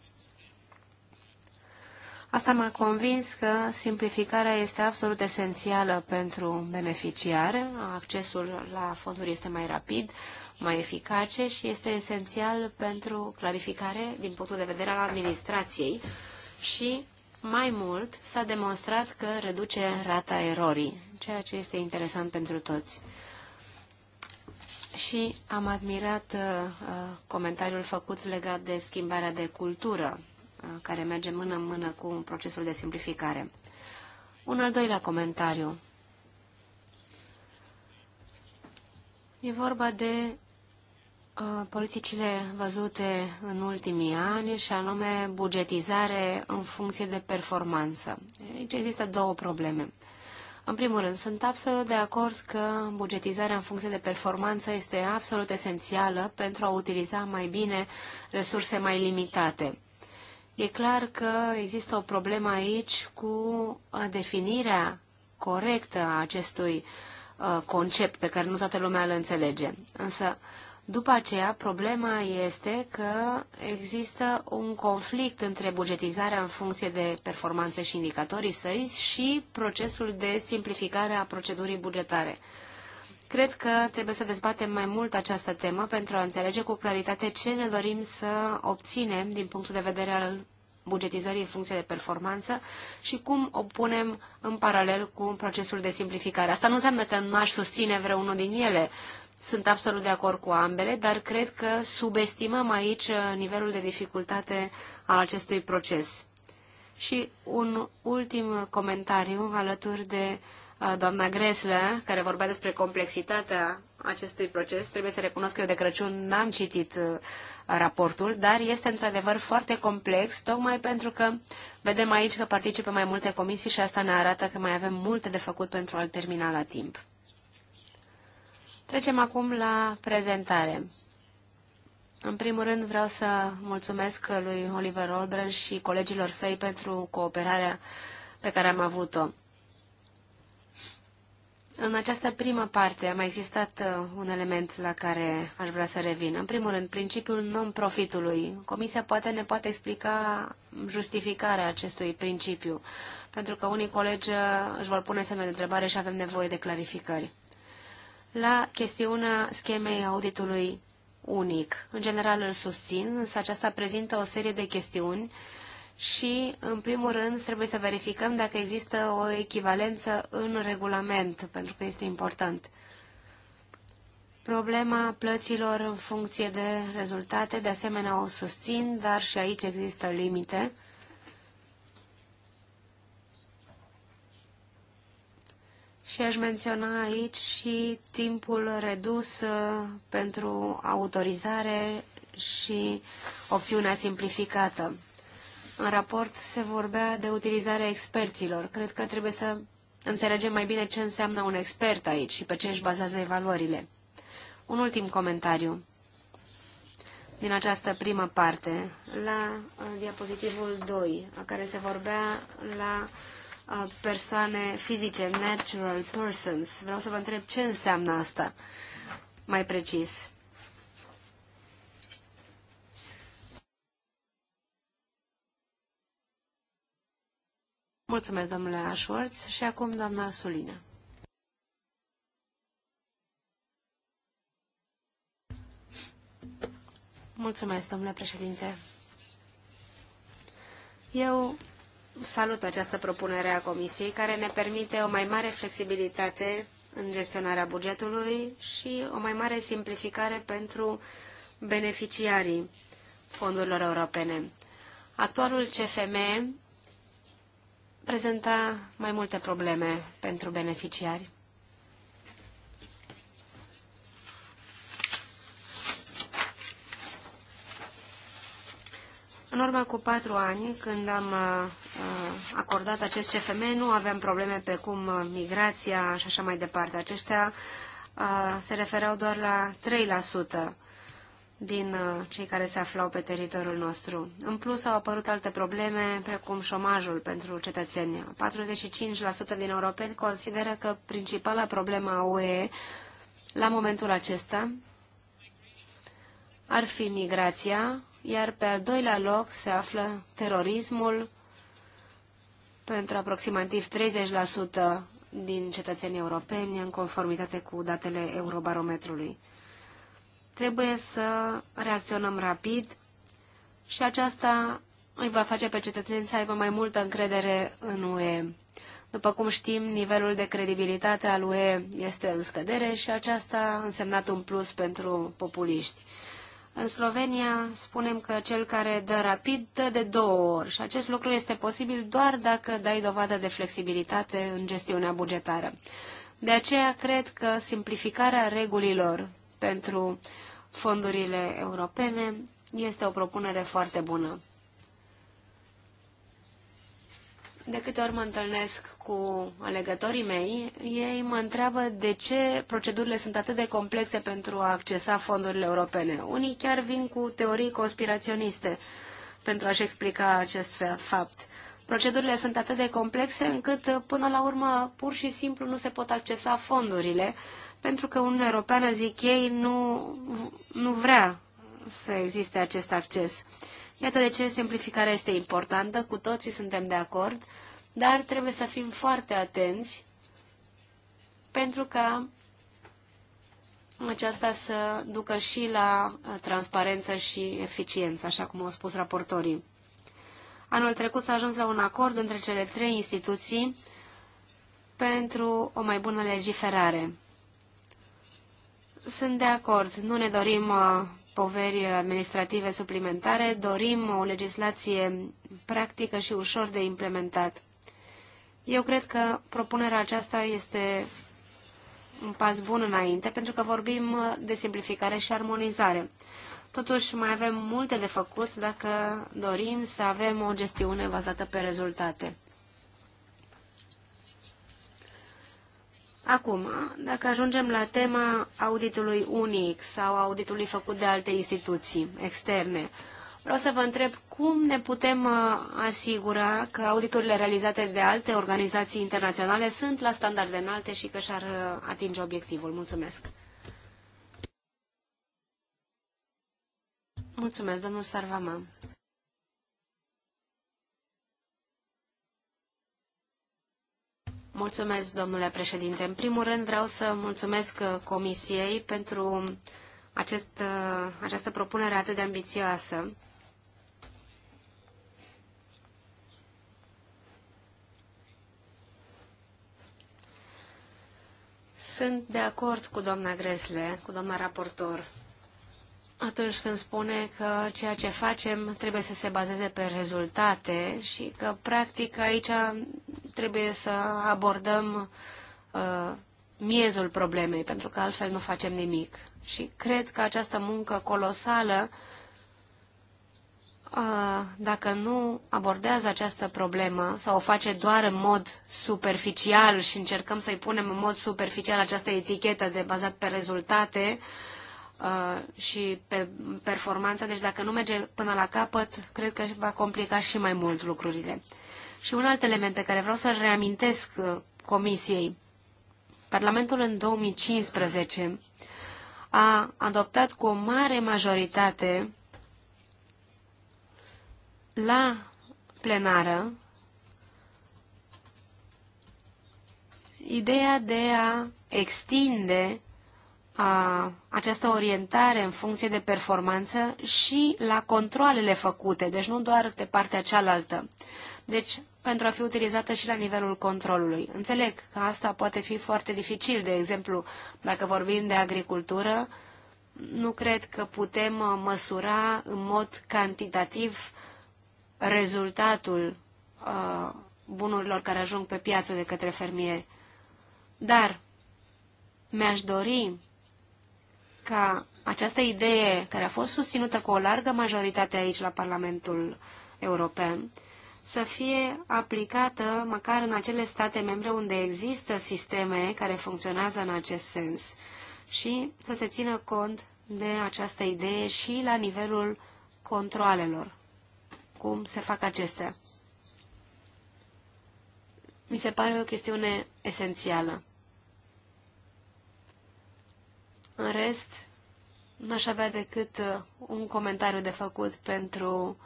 Asta m-a convins că simplificarea este absolut esențială pentru beneficiar. Accesul la fonduri este mai rapid, mai eficace și este esențial pentru clarificare din punctul de vedere al administrației și mai mult s-a demonstrat că reduce rata erorii, ceea ce este interesant pentru toți. Și am admirat uh, uh comentariul făcut legat de schimbarea de cultură Uh, care merge mână în mână cu procesul de simplificare. Un al doilea comentariu. E vorba de uh, politicile văzute în ultimii ani și anume bugetizare în funcție de performanță. Aici există două probleme. În primul rând, sunt absolut de acord că bugetizarea în funcție de performanță este absolut esențială pentru a utiliza mai bine resurse mai limitate. E clar că există o problemă aici cu uh, definirea corectă a acestui uh, concept pe care nu toată lumea îl înțelege. Însă, după aceea, problema este că există un conflict între bugetizarea în funcție de performanțe și indicatorii săi și procesul de simplificare a procedurii bugetare. Cred că trebuie să dezbatem mai mult această temă pentru a înțelege cu claritate ce ne dorim să obținem din punctul de vedere al bugetizării în funcție de performanță și cum o punem în paralel cu procesul de simplificare. Asta nu înseamnă că nu aș susține vreunul din ele. Sunt absolut de acord cu ambele, dar cred că subestimăm aici nivelul de dificultate a acestui proces. Și un ultim comentariu alături de uh, doamna Gresle, care vorbea despre complexitatea acestui proces. Trebuie să recunosc că eu de Crăciun n-am citit uh, raportul, dar este într-adevăr foarte complex, tocmai pentru că vedem aici că participă mai multe comisii și asta ne arată că mai avem multe de făcut pentru a-l termina la timp. Trecem acum la prezentare. În primul rând vreau să mulțumesc lui Oliver Olbrecht și colegilor săi pentru cooperarea pe care am avut-o. În această primă parte a mai existat uh, un element la care aș vrea să revin. În primul rând, principiul non-profitului. Comisia poate ne poate explica justificarea acestui principiu, pentru că unii colegi uh, își vor pune semne de întrebare și avem nevoie de clarificări. La chestiunea schemei auditului unic. În general îl susțin, însă aceasta prezintă o serie de chestiuni uh, și, în primul rând, trebuie să verificăm dacă există o echivalență în regulament, pentru că este important. Problema plăților în funcție de rezultate, de asemenea, o susțin, dar și aici există limite. Și aș menționa aici și timpul redus uh, pentru autorizare și opțiunea simplificată. În raport se vorbea de utilizarea experților. Cred că trebuie să înțelegem mai bine ce înseamnă un expert aici și pe ce își bazează evaluările. Un ultim comentariu din această primă parte, la uh, diapozitivul 2, a care se vorbea la uh, persoane fizice, natural persons. Vreau să vă întreb ce înseamnă asta mai precis. Mulțumesc, domnule Ashworth. Și acum, doamna Suline. Mulțumesc, domnule președinte. Eu salut această propunere a Comisiei, care ne permite o mai mare flexibilitate în gestionarea bugetului și o mai mare simplificare pentru beneficiarii fondurilor europene. Actualul CFM prezenta mai multe probleme pentru beneficiari. În urmă cu patru ani, când am uh, acordat acest CFM, nu aveam probleme pe cum uh, migrația și așa mai departe. Aceștia uh, se refereau doar la din uh, cei care se aflau pe teritoriul nostru. În plus, au apărut alte probleme, precum șomajul pentru cetățeni. 45% din europeni consideră că principala problemă a UE la momentul acesta ar fi migrația, iar pe al doilea loc se află terorismul pentru aproximativ 30% din cetățenii europeni, în conformitate cu datele Eurobarometrului. Trebuie să reacționăm rapid și aceasta îi va face pe cetățeni să aibă mai multă încredere în UE. După cum știm, nivelul de credibilitate al UE este în scădere și aceasta a însemnat un plus pentru populiști. În Slovenia spunem că cel care dă rapid dă de două ori și acest lucru este posibil doar dacă dai dovadă de flexibilitate în gestiunea bugetară. De aceea cred că simplificarea regulilor pentru uh, fondurile europene, este o propunere foarte bună. De câte ori mă întâlnesc cu alegătorii mei, ei mă întreabă de ce procedurile sunt atât de complexe pentru a accesa fondurile europene. Unii chiar vin cu teorii conspiraționiste pentru a-și explica acest fapt. Procedurile sunt atât de complexe încât, până la urmă, pur și simplu nu se pot accesa fondurile pentru că Uniunea Europeană, zic ei, nu, nu vrea să existe acest acces. Iată de ce simplificarea este importantă, cu toții suntem de acord, dar trebuie să fim foarte atenți pentru ca aceasta să ducă și la transparență și eficiență, așa cum au spus raportorii. Anul trecut s-a ajuns la un acord între cele trei instituții pentru o mai bună legiferare. Sunt de acord. Nu ne dorim uh, poveri administrative suplimentare, dorim o legislație practică și ușor de implementat. Eu cred că propunerea aceasta este un pas bun înainte, pentru că vorbim uh, de simplificare și armonizare. Totuși, mai avem multe de făcut dacă dorim să avem o gestiune bazată pe rezultate. Acum, dacă ajungem la tema auditului unic sau auditului făcut de alte instituții externe, vreau să vă întreb cum ne putem uh, asigura că auditurile realizate de alte organizații internaționale sunt la standarde înalte și că și-ar uh, atinge obiectivul. Mulțumesc! Mulțumesc, domnul Sarvama. Mulțumesc, domnule președinte. În primul rând vreau să mulțumesc uh, Comisiei pentru acest, uh, această propunere atât de ambițioasă. Sunt de acord cu doamna Gresle, cu doamna raportor atunci când spune că ceea ce facem trebuie să se bazeze pe rezultate și că, practic, aici trebuie să abordăm uh, miezul problemei, pentru că altfel nu facem nimic. Și cred că această muncă colosală, uh, dacă nu abordează această problemă sau o face doar în mod superficial și încercăm să-i punem în mod superficial această etichetă de bazat pe rezultate, uh, Uh, și pe performanță, deci dacă nu merge până la capăt, cred că va complica și mai mult lucrurile. Și un alt element pe care vreau să-l reamintesc uh, Comisiei. Parlamentul în 2015 a adoptat cu o mare majoritate la plenară ideea de a extinde a, această orientare în funcție de performanță și la controlele făcute, deci nu doar de partea cealaltă. Deci, pentru a fi utilizată și la nivelul controlului. Înțeleg că asta poate fi foarte dificil, de exemplu, dacă vorbim de agricultură, nu cred că putem uh, măsura în mod cantitativ rezultatul uh, bunurilor care ajung pe piață de către fermieri. Dar mi-aș dori ca această idee, care a fost susținută cu o largă majoritate aici la Parlamentul European, să fie aplicată măcar în acele state membre unde există sisteme care funcționează în acest sens și să se țină cont de această idee și la nivelul controalelor. Cum se fac acestea? Mi se pare o chestiune esențială. În rest, n-aș avea decât uh, un comentariu de făcut pentru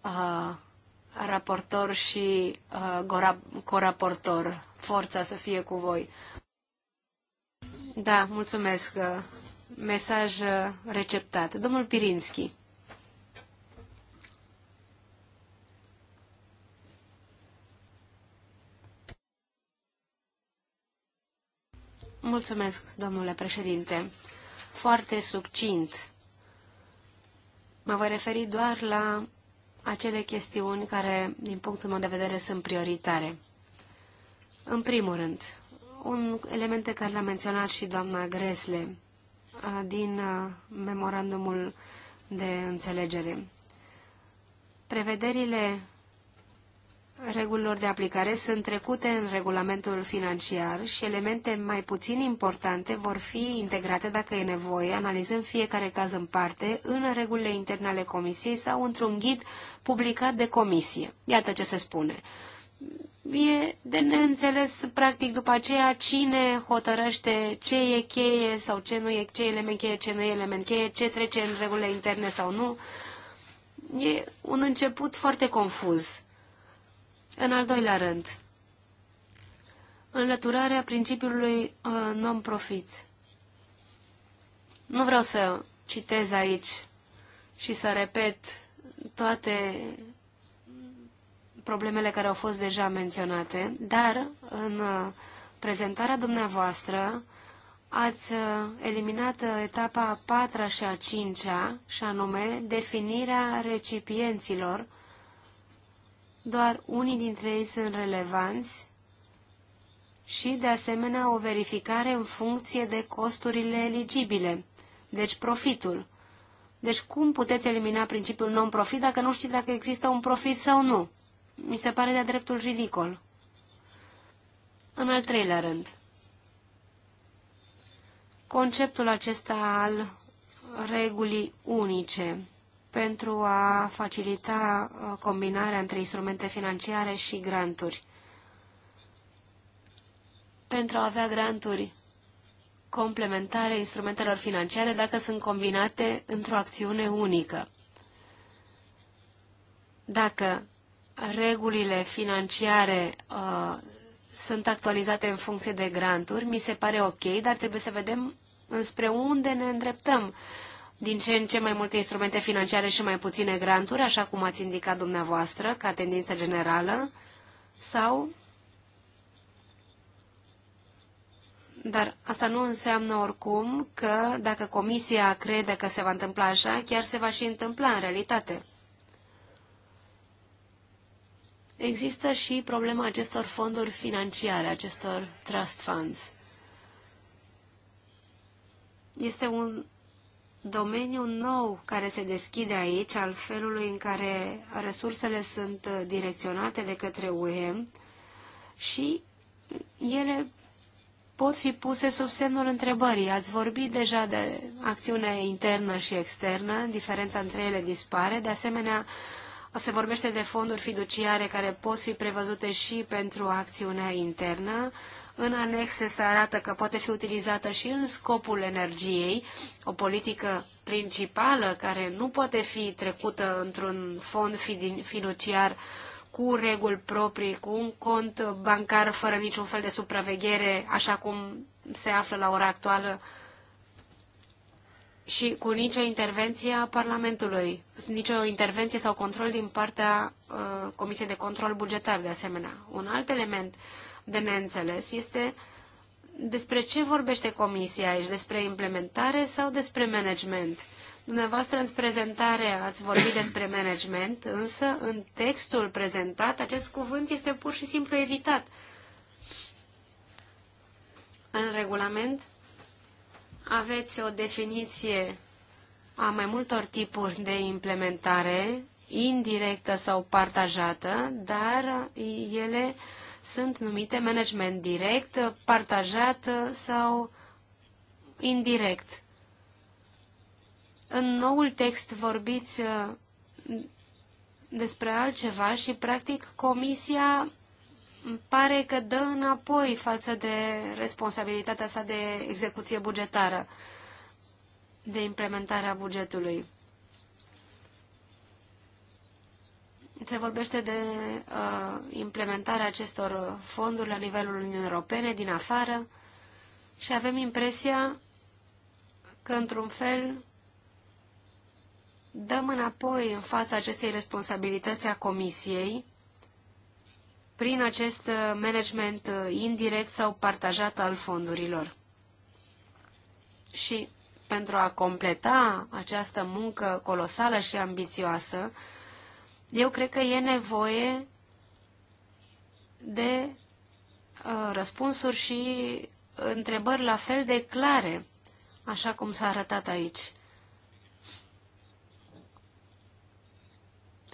uh, raportor și uh, coraportor. Forța să fie cu voi. Da, mulțumesc. Uh, mesaj uh, receptat. Domnul Pirinski. Mulțumesc, domnule președinte. Foarte succint. Mă voi referi doar la acele chestiuni care, din punctul meu de vedere, sunt prioritare. În primul rând, un element pe care l-a menționat și doamna Gresle din memorandumul de înțelegere. Prevederile regulilor de aplicare sunt trecute în regulamentul financiar și elemente mai puțin importante vor fi integrate dacă e nevoie, analizând fiecare caz în parte, în regulile interne ale comisiei sau într-un ghid publicat de comisie. Iată ce se spune. E de neînțeles, practic, după aceea, cine hotărăște ce e cheie sau ce nu e, ce element cheie, ce nu e element cheie, ce trece în regulile interne sau nu. E un început foarte confuz în al doilea rând, înlăturarea principiului uh, non-profit. Nu vreau să citez aici și să repet toate problemele care au fost deja menționate, dar în uh, prezentarea dumneavoastră ați uh, eliminat etapa a patra și a cincea, și anume definirea recipienților doar unii dintre ei sunt relevanți și, de asemenea, o verificare în funcție de costurile eligibile, deci profitul. Deci cum puteți elimina principiul non-profit dacă nu știți dacă există un profit sau nu? Mi se pare de-a dreptul ridicol. În al treilea rând, conceptul acesta al regulii unice pentru a facilita uh, combinarea între instrumente financiare și granturi. Pentru a avea granturi complementare instrumentelor financiare dacă sunt combinate într-o acțiune unică. Dacă regulile financiare uh, sunt actualizate în funcție de granturi, mi se pare ok, dar trebuie să vedem înspre unde ne îndreptăm. Uh, din ce în ce mai multe instrumente financiare și mai puține granturi, așa cum ați indicat dumneavoastră, ca tendință generală, sau Dar asta nu înseamnă oricum că dacă comisia crede că se va întâmpla așa, chiar se va și întâmpla în realitate. Există și problema acestor fonduri financiare, acestor trust funds. Este un domeniu nou care se deschide aici, al felului în care resursele sunt uh, direcționate de către UE și ele pot fi puse sub semnul întrebării. Ați vorbit deja de acțiunea internă și externă, diferența între ele dispare, de asemenea se vorbește de fonduri fiduciare care pot fi prevăzute și pentru acțiunea internă, în anexe se arată că poate fi utilizată și în scopul energiei, o politică principală care nu poate fi trecută într-un fond fiduciar cu reguli proprii, cu un cont bancar fără niciun fel de supraveghere, așa cum se află la ora actuală și cu nicio intervenție a Parlamentului, nicio intervenție sau control din partea uh, Comisiei de Control Bugetar, de asemenea. Un alt element de neînțeles este despre ce vorbește comisia aici, despre implementare sau despre management. Dumneavoastră, în prezentare, ați vorbit despre management, însă în textul prezentat acest cuvânt este pur și simplu evitat. În regulament aveți o definiție a mai multor tipuri de implementare, indirectă sau partajată, dar ele uh, sunt numite management direct, partajat sau indirect. În noul text vorbiți uh, despre altceva și, practic, comisia pare că dă înapoi față de responsabilitatea sa de execuție bugetară, de implementarea bugetului. se vorbește de uh, implementarea acestor fonduri la nivelul Uniunii Europene, din afară, și avem impresia că, într-un fel, dăm înapoi în fața acestei responsabilități a Comisiei prin acest uh, management uh, indirect sau partajat al fondurilor. Și pentru a completa această muncă colosală și ambițioasă, eu cred că e nevoie de uh, răspunsuri și întrebări la fel de clare, așa cum s-a arătat aici.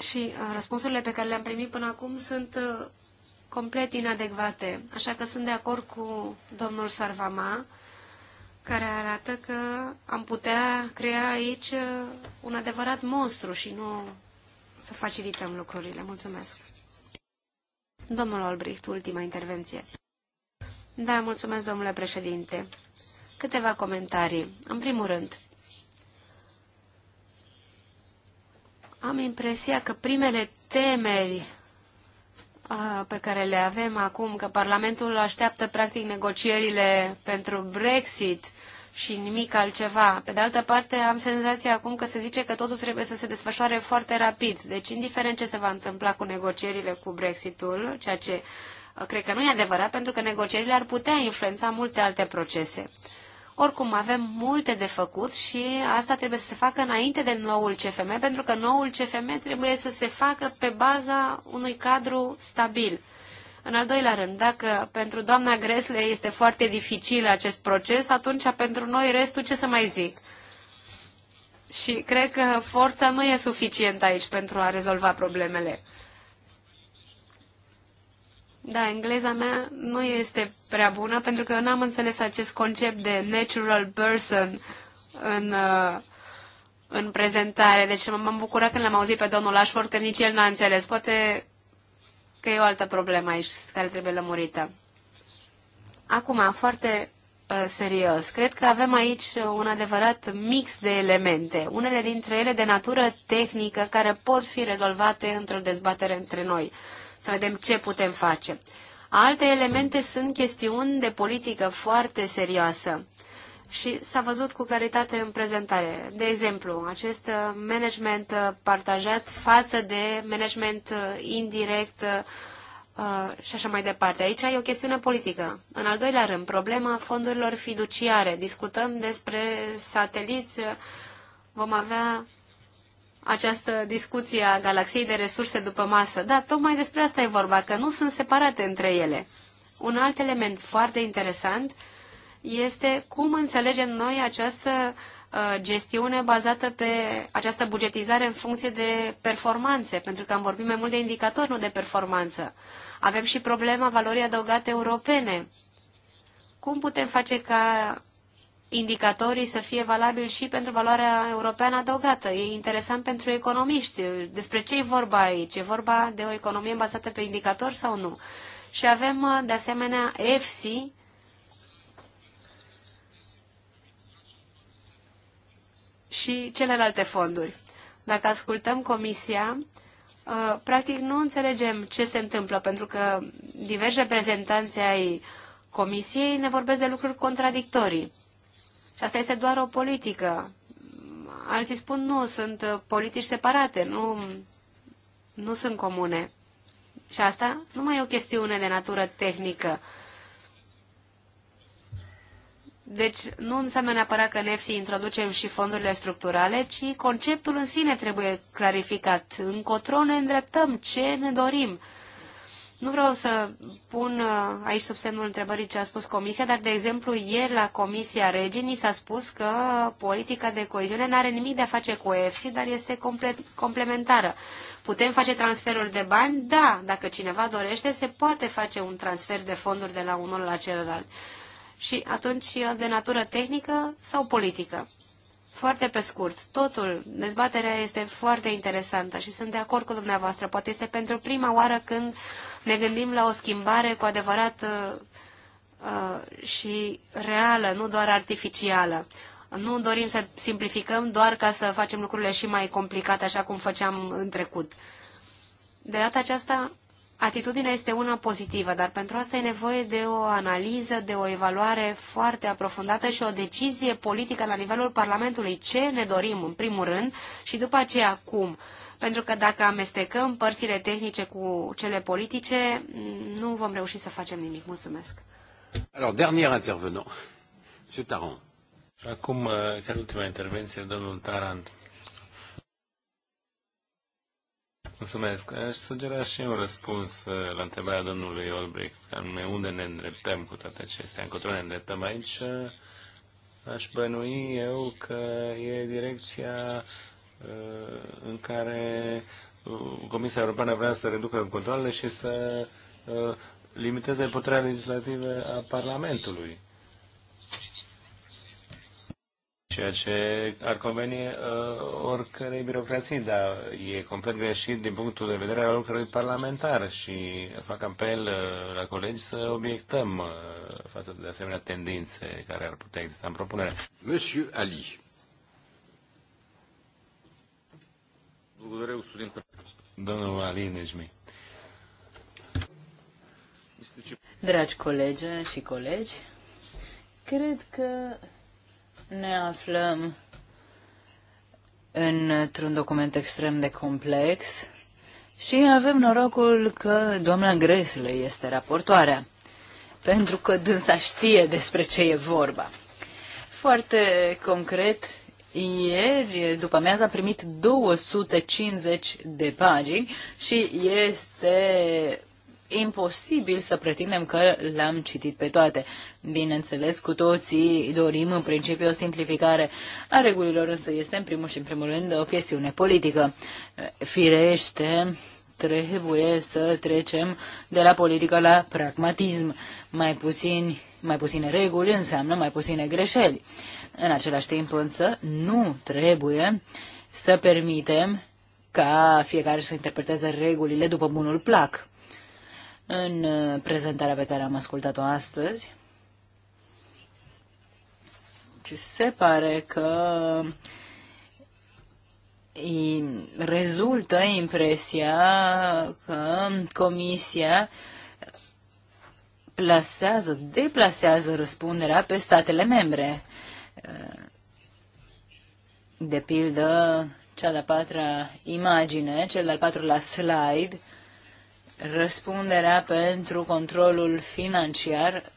Și uh, răspunsurile pe care le-am primit până acum sunt uh, complet inadecvate. Așa că sunt de acord cu domnul Sarvama, care arată că am putea crea aici uh, un adevărat monstru și nu să facilităm lucrurile. Mulțumesc. Domnul Olbricht, ultima intervenție. Da, mulțumesc, domnule președinte. Câteva comentarii. În primul rând, am impresia că primele temeri pe care le avem acum, că Parlamentul așteaptă practic negocierile pentru Brexit, uh, și nimic altceva. Pe de altă parte, am senzația acum că se zice că totul trebuie să se desfășoare foarte rapid. Deci, indiferent ce se va întâmpla cu negocierile cu Brexitul, ceea ce uh, cred că nu e adevărat, pentru că negocierile ar putea influența multe alte procese. Oricum, avem multe de făcut și asta trebuie să se facă înainte de noul CFM, pentru că noul CFM trebuie să se facă pe baza unui cadru stabil. În al doilea rând, dacă pentru doamna Gresle este foarte dificil acest proces, atunci pentru noi restul ce să mai zic. Și cred că forța nu e suficientă aici pentru a rezolva problemele. Da, engleza mea nu este prea bună pentru că n-am înțeles acest concept de natural person în, uh, în prezentare. Deci m-am bucurat când l-am auzit pe domnul Ashford că nici el n-a înțeles. Poate că e o altă problemă aici care trebuie lămurită. Acum, foarte uh, serios. Cred că avem aici un adevărat mix de elemente, unele dintre ele de natură tehnică, care pot fi rezolvate într-o dezbatere între noi, să vedem ce putem face. Alte elemente sunt chestiuni de politică foarte serioasă și s-a văzut cu claritate în prezentare. De exemplu, acest uh, management uh, partajat față de management uh, indirect și așa mai departe. Aici e o chestiune politică. În al doilea rând, problema fondurilor fiduciare. Discutăm despre sateliți. Vom avea această discuție a galaxiei de resurse după masă. Da, tocmai despre asta e vorba, că nu sunt separate între ele. Un alt element foarte interesant uh, este cum înțelegem noi această uh, gestiune bazată pe această bugetizare în funcție de performanțe, pentru că am vorbit mai mult de indicatori, nu de performanță. Avem și problema valorii adăugate europene. Cum putem face ca indicatorii să fie valabili și pentru valoarea europeană adăugată. E interesant pentru economiști. Despre ce e vorba aici? E vorba de o economie bazată pe indicator sau nu? Și avem, uh, de asemenea, EFSI, și celelalte fonduri. Dacă ascultăm Comisia, uh, practic nu înțelegem ce se întâmplă, pentru că diversi reprezentanți ai Comisiei ne vorbesc de lucruri contradictorii. Și asta este doar o politică. Alții spun nu, sunt politici separate, nu, nu sunt comune. Și asta nu mai e o chestiune de natură tehnică. Deci nu înseamnă neapărat că în EFSI introducem și fondurile structurale, ci conceptul în sine trebuie clarificat. Încotro ne îndreptăm, ce ne dorim. Nu vreau să pun uh, aici sub semnul întrebării ce a spus Comisia, dar, de exemplu, ieri la Comisia Reginii s-a spus că politica de coeziune nu are nimic de a face cu EFSI, dar este comple complementară. Putem face transferuri de bani? Da, dacă cineva dorește, se poate face un transfer de fonduri de la unul la celălalt și atunci de natură tehnică sau politică. Foarte pe scurt, totul, dezbaterea este foarte interesantă și sunt de acord cu dumneavoastră. Poate este pentru prima oară când ne gândim la o schimbare cu adevărat uh, uh și reală, nu doar artificială. Nu dorim să simplificăm doar ca să facem lucrurile și mai complicate, așa cum făceam în trecut. De data aceasta Atitudinea este una pozitivă, dar pentru asta e nevoie de o analiză, de o evaluare foarte aprofundată și o decizie politică la nivelul Parlamentului. Ce ne dorim, în primul rând, și după aceea cum. Pentru că dacă amestecăm părțile tehnice cu cele politice, nu vom reuși să facem nimic. Mulțumesc. Alors, dernier intervenant, M. Acum, uh, ca ultima intervenție, domnul Tarant. Mulțumesc. Aș sugera și un răspuns uh, la întrebarea domnului Olbrich, anume unde ne îndreptăm cu toate acestea, încotro ne îndreptăm aici. Uh, aș bănui eu că e direcția uh, în care Comisia Europeană vrea să reducă controlele și să limiteze puterea legislativă a Parlamentului. ceea ce ar conveni uh, oricărei birocrații, dar e complet greșit din punctul de vedere al oricărui parlamentar și fac apel uh, la colegi să obiectăm uh, față de asemenea tendințe care ar putea exista în propunere. Monsieur Ali. Domnul Ali Nejmi. Dragi colegi și colegi, cred că ne aflăm într-un document extrem de complex și avem norocul că doamna Gresle este raportoarea, pentru că dânsa știe despre ce e vorba. Foarte concret, ieri, după amiază, a primit 250 de pagini și este imposibil să pretindem că le-am citit pe toate. Bineînțeles, cu toții dorim în principiu o simplificare a regulilor, însă este în primul și în primul rând o chestiune politică. Firește, trebuie să trecem de la politică la pragmatism. Mai, puțin, mai puține reguli înseamnă mai puține greșeli. În același timp însă nu trebuie să permitem ca fiecare să interpreteze regulile după bunul plac în uh, prezentarea pe care am ascultat-o astăzi. Și se pare că rezultă impresia că Comisia plasează, deplasează răspunderea pe statele membre. De pildă, cea de-a patra imagine, cel de-al patrulea slide, Răspunderea pentru controlul financiar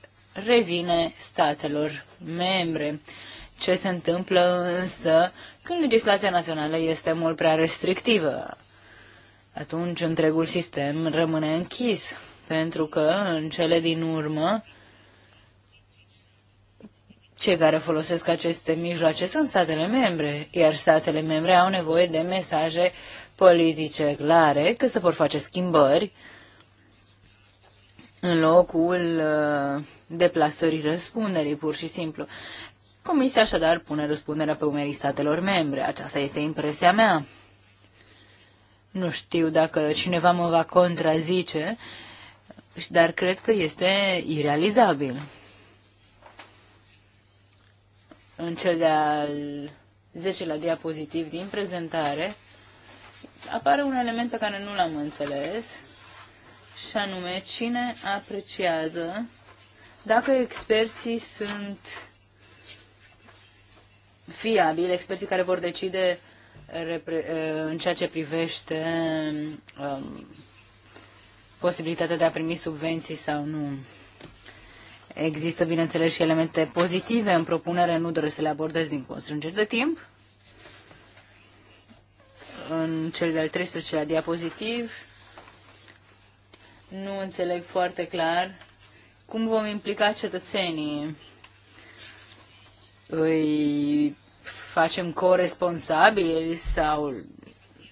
revine statelor membre. Ce se întâmplă însă când legislația națională este mult prea restrictivă? Atunci întregul sistem rămâne închis, pentru că în cele din urmă cei care folosesc aceste mijloace sunt statele membre, iar statele membre au nevoie de mesaje politice clare că se vor face schimbări în locul uh, deplasării răspunderii, pur și simplu. Comisia așadar pune răspunderea pe umerii statelor membre. Aceasta este impresia mea. Nu știu dacă cineva mă va contrazice, dar cred că este irealizabil. În cel de-al 10-lea diapozitiv din prezentare apare un element pe care nu l-am înțeles – și anume cine apreciază dacă experții sunt fiabili, experții care vor decide ă, în ceea ce privește um, posibilitatea de a primi subvenții sau nu. Există, bineînțeles, și elemente pozitive în propunere, nu doresc să le abordez din constrângeri de timp. În cel de-al 13-lea diapozitiv, nu înțeleg foarte clar cum vom implica cetățenii. Îi facem coresponsabili sau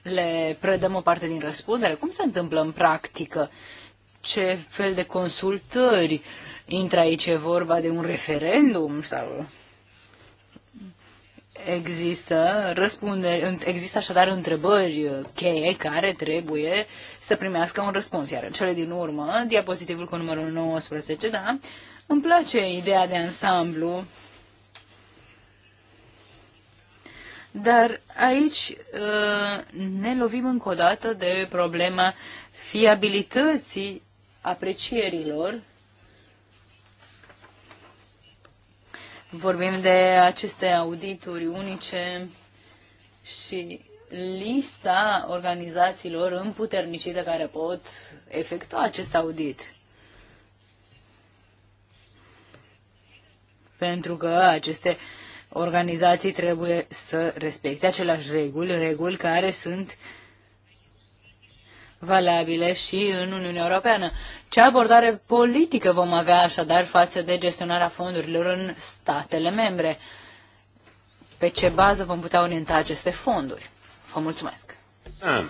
le predăm o parte din răspundere? Cum se întâmplă în practică? Ce fel de consultări intră aici? E vorba de un referendum sau Există răspunderi, există așadar întrebări cheie care trebuie să primească un răspuns. Iar în cele din urmă, diapozitivul cu numărul 19, da, îmi place ideea de ansamblu, dar aici uh, ne lovim încă o dată de problema fiabilității aprecierilor Vorbim de aceste audituri unice și lista organizațiilor împuternicite care pot efectua acest audit. Pentru că aceste organizații trebuie să respecte aceleași reguli, reguli care sunt uh, valabile și în Uniunea Europeană. Ce abordare politică vom avea așadar față de gestionarea fondurilor în statele membre? Pe ce bază vom putea orienta aceste fonduri? Vă mulțumesc! Ah.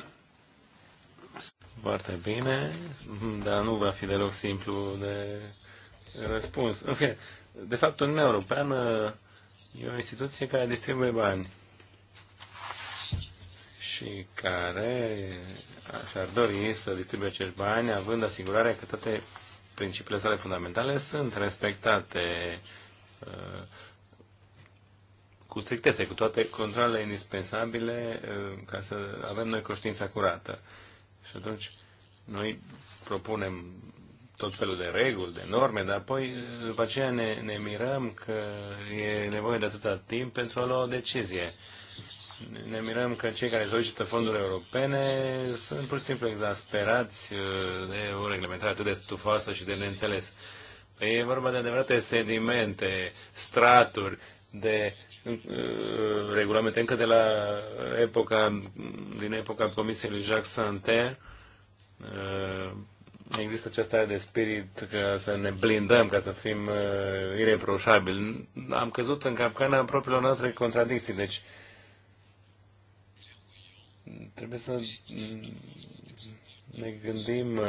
Foarte bine, dar nu va fi deloc simplu de răspuns. În fine, de fapt, Uniunea Europeană e o instituție care distribuie bani și care și-ar dori să distribuie acești bani, având asigurarea că toate principiile sale fundamentale sunt respectate uh, cu strictețe, cu toate controlele indispensabile uh, ca să avem noi conștiința curată. Și atunci noi propunem tot felul de reguli, de norme, dar apoi uh, după aceea ne, ne mirăm că e nevoie de atâta timp pentru a lua o decizie. Uh, ne mirăm că cei care solicită fonduri europene sunt pur și simplu exasperați uh, de o reglementare atât de stufoasă și de neînțeles. E vorba de adevărate sedimente, straturi de uh, regulamente încă de la epoca, din epoca Comisiei lui Jacques Santer, uh, există această de spirit ca să ne blindăm, ca să fim uh, ireproșabili. Am căzut în capcana propriilor noastre contradicții. Deci trebuie să ne gândim uh,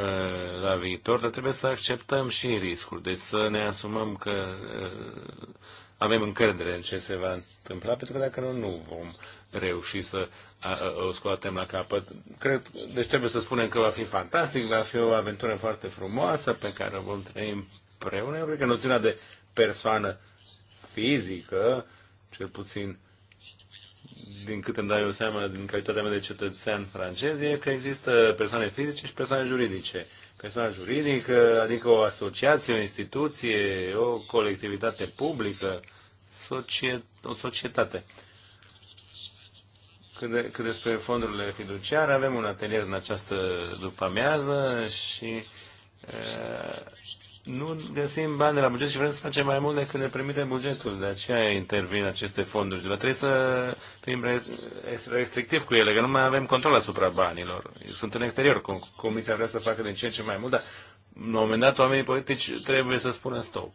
la viitor, dar trebuie să acceptăm și riscuri, deci să ne asumăm că uh, avem încredere în ce se va întâmpla, pentru că dacă nu, nu vom reuși să o scoatem la capăt. Cred, deci trebuie să spunem că va fi fantastic, va fi o aventură foarte frumoasă pe care o vom trăi împreună. Eu cred că noțiunea de persoană fizică, cel puțin din câte îmi dau eu seama, din calitatea mea de cetățean francez, e că există persoane fizice și persoane juridice. Persoana juridică, adică o asociație, o instituție, o colectivitate publică, societ- o societate. Cât, de, cât despre fondurile fiduciare, avem un atelier în această după-amiază și nu găsim bani de la buget și vrem să facem mai mult decât ne permite bugetul. De aceea intervin aceste fonduri. Dar trebuie să fim restrictiv cu ele, că nu mai avem control asupra banilor. Sunt în exterior. Comisia vrea să facă din ce în ce mai mult, dar la un moment dat oamenii politici trebuie să spună stop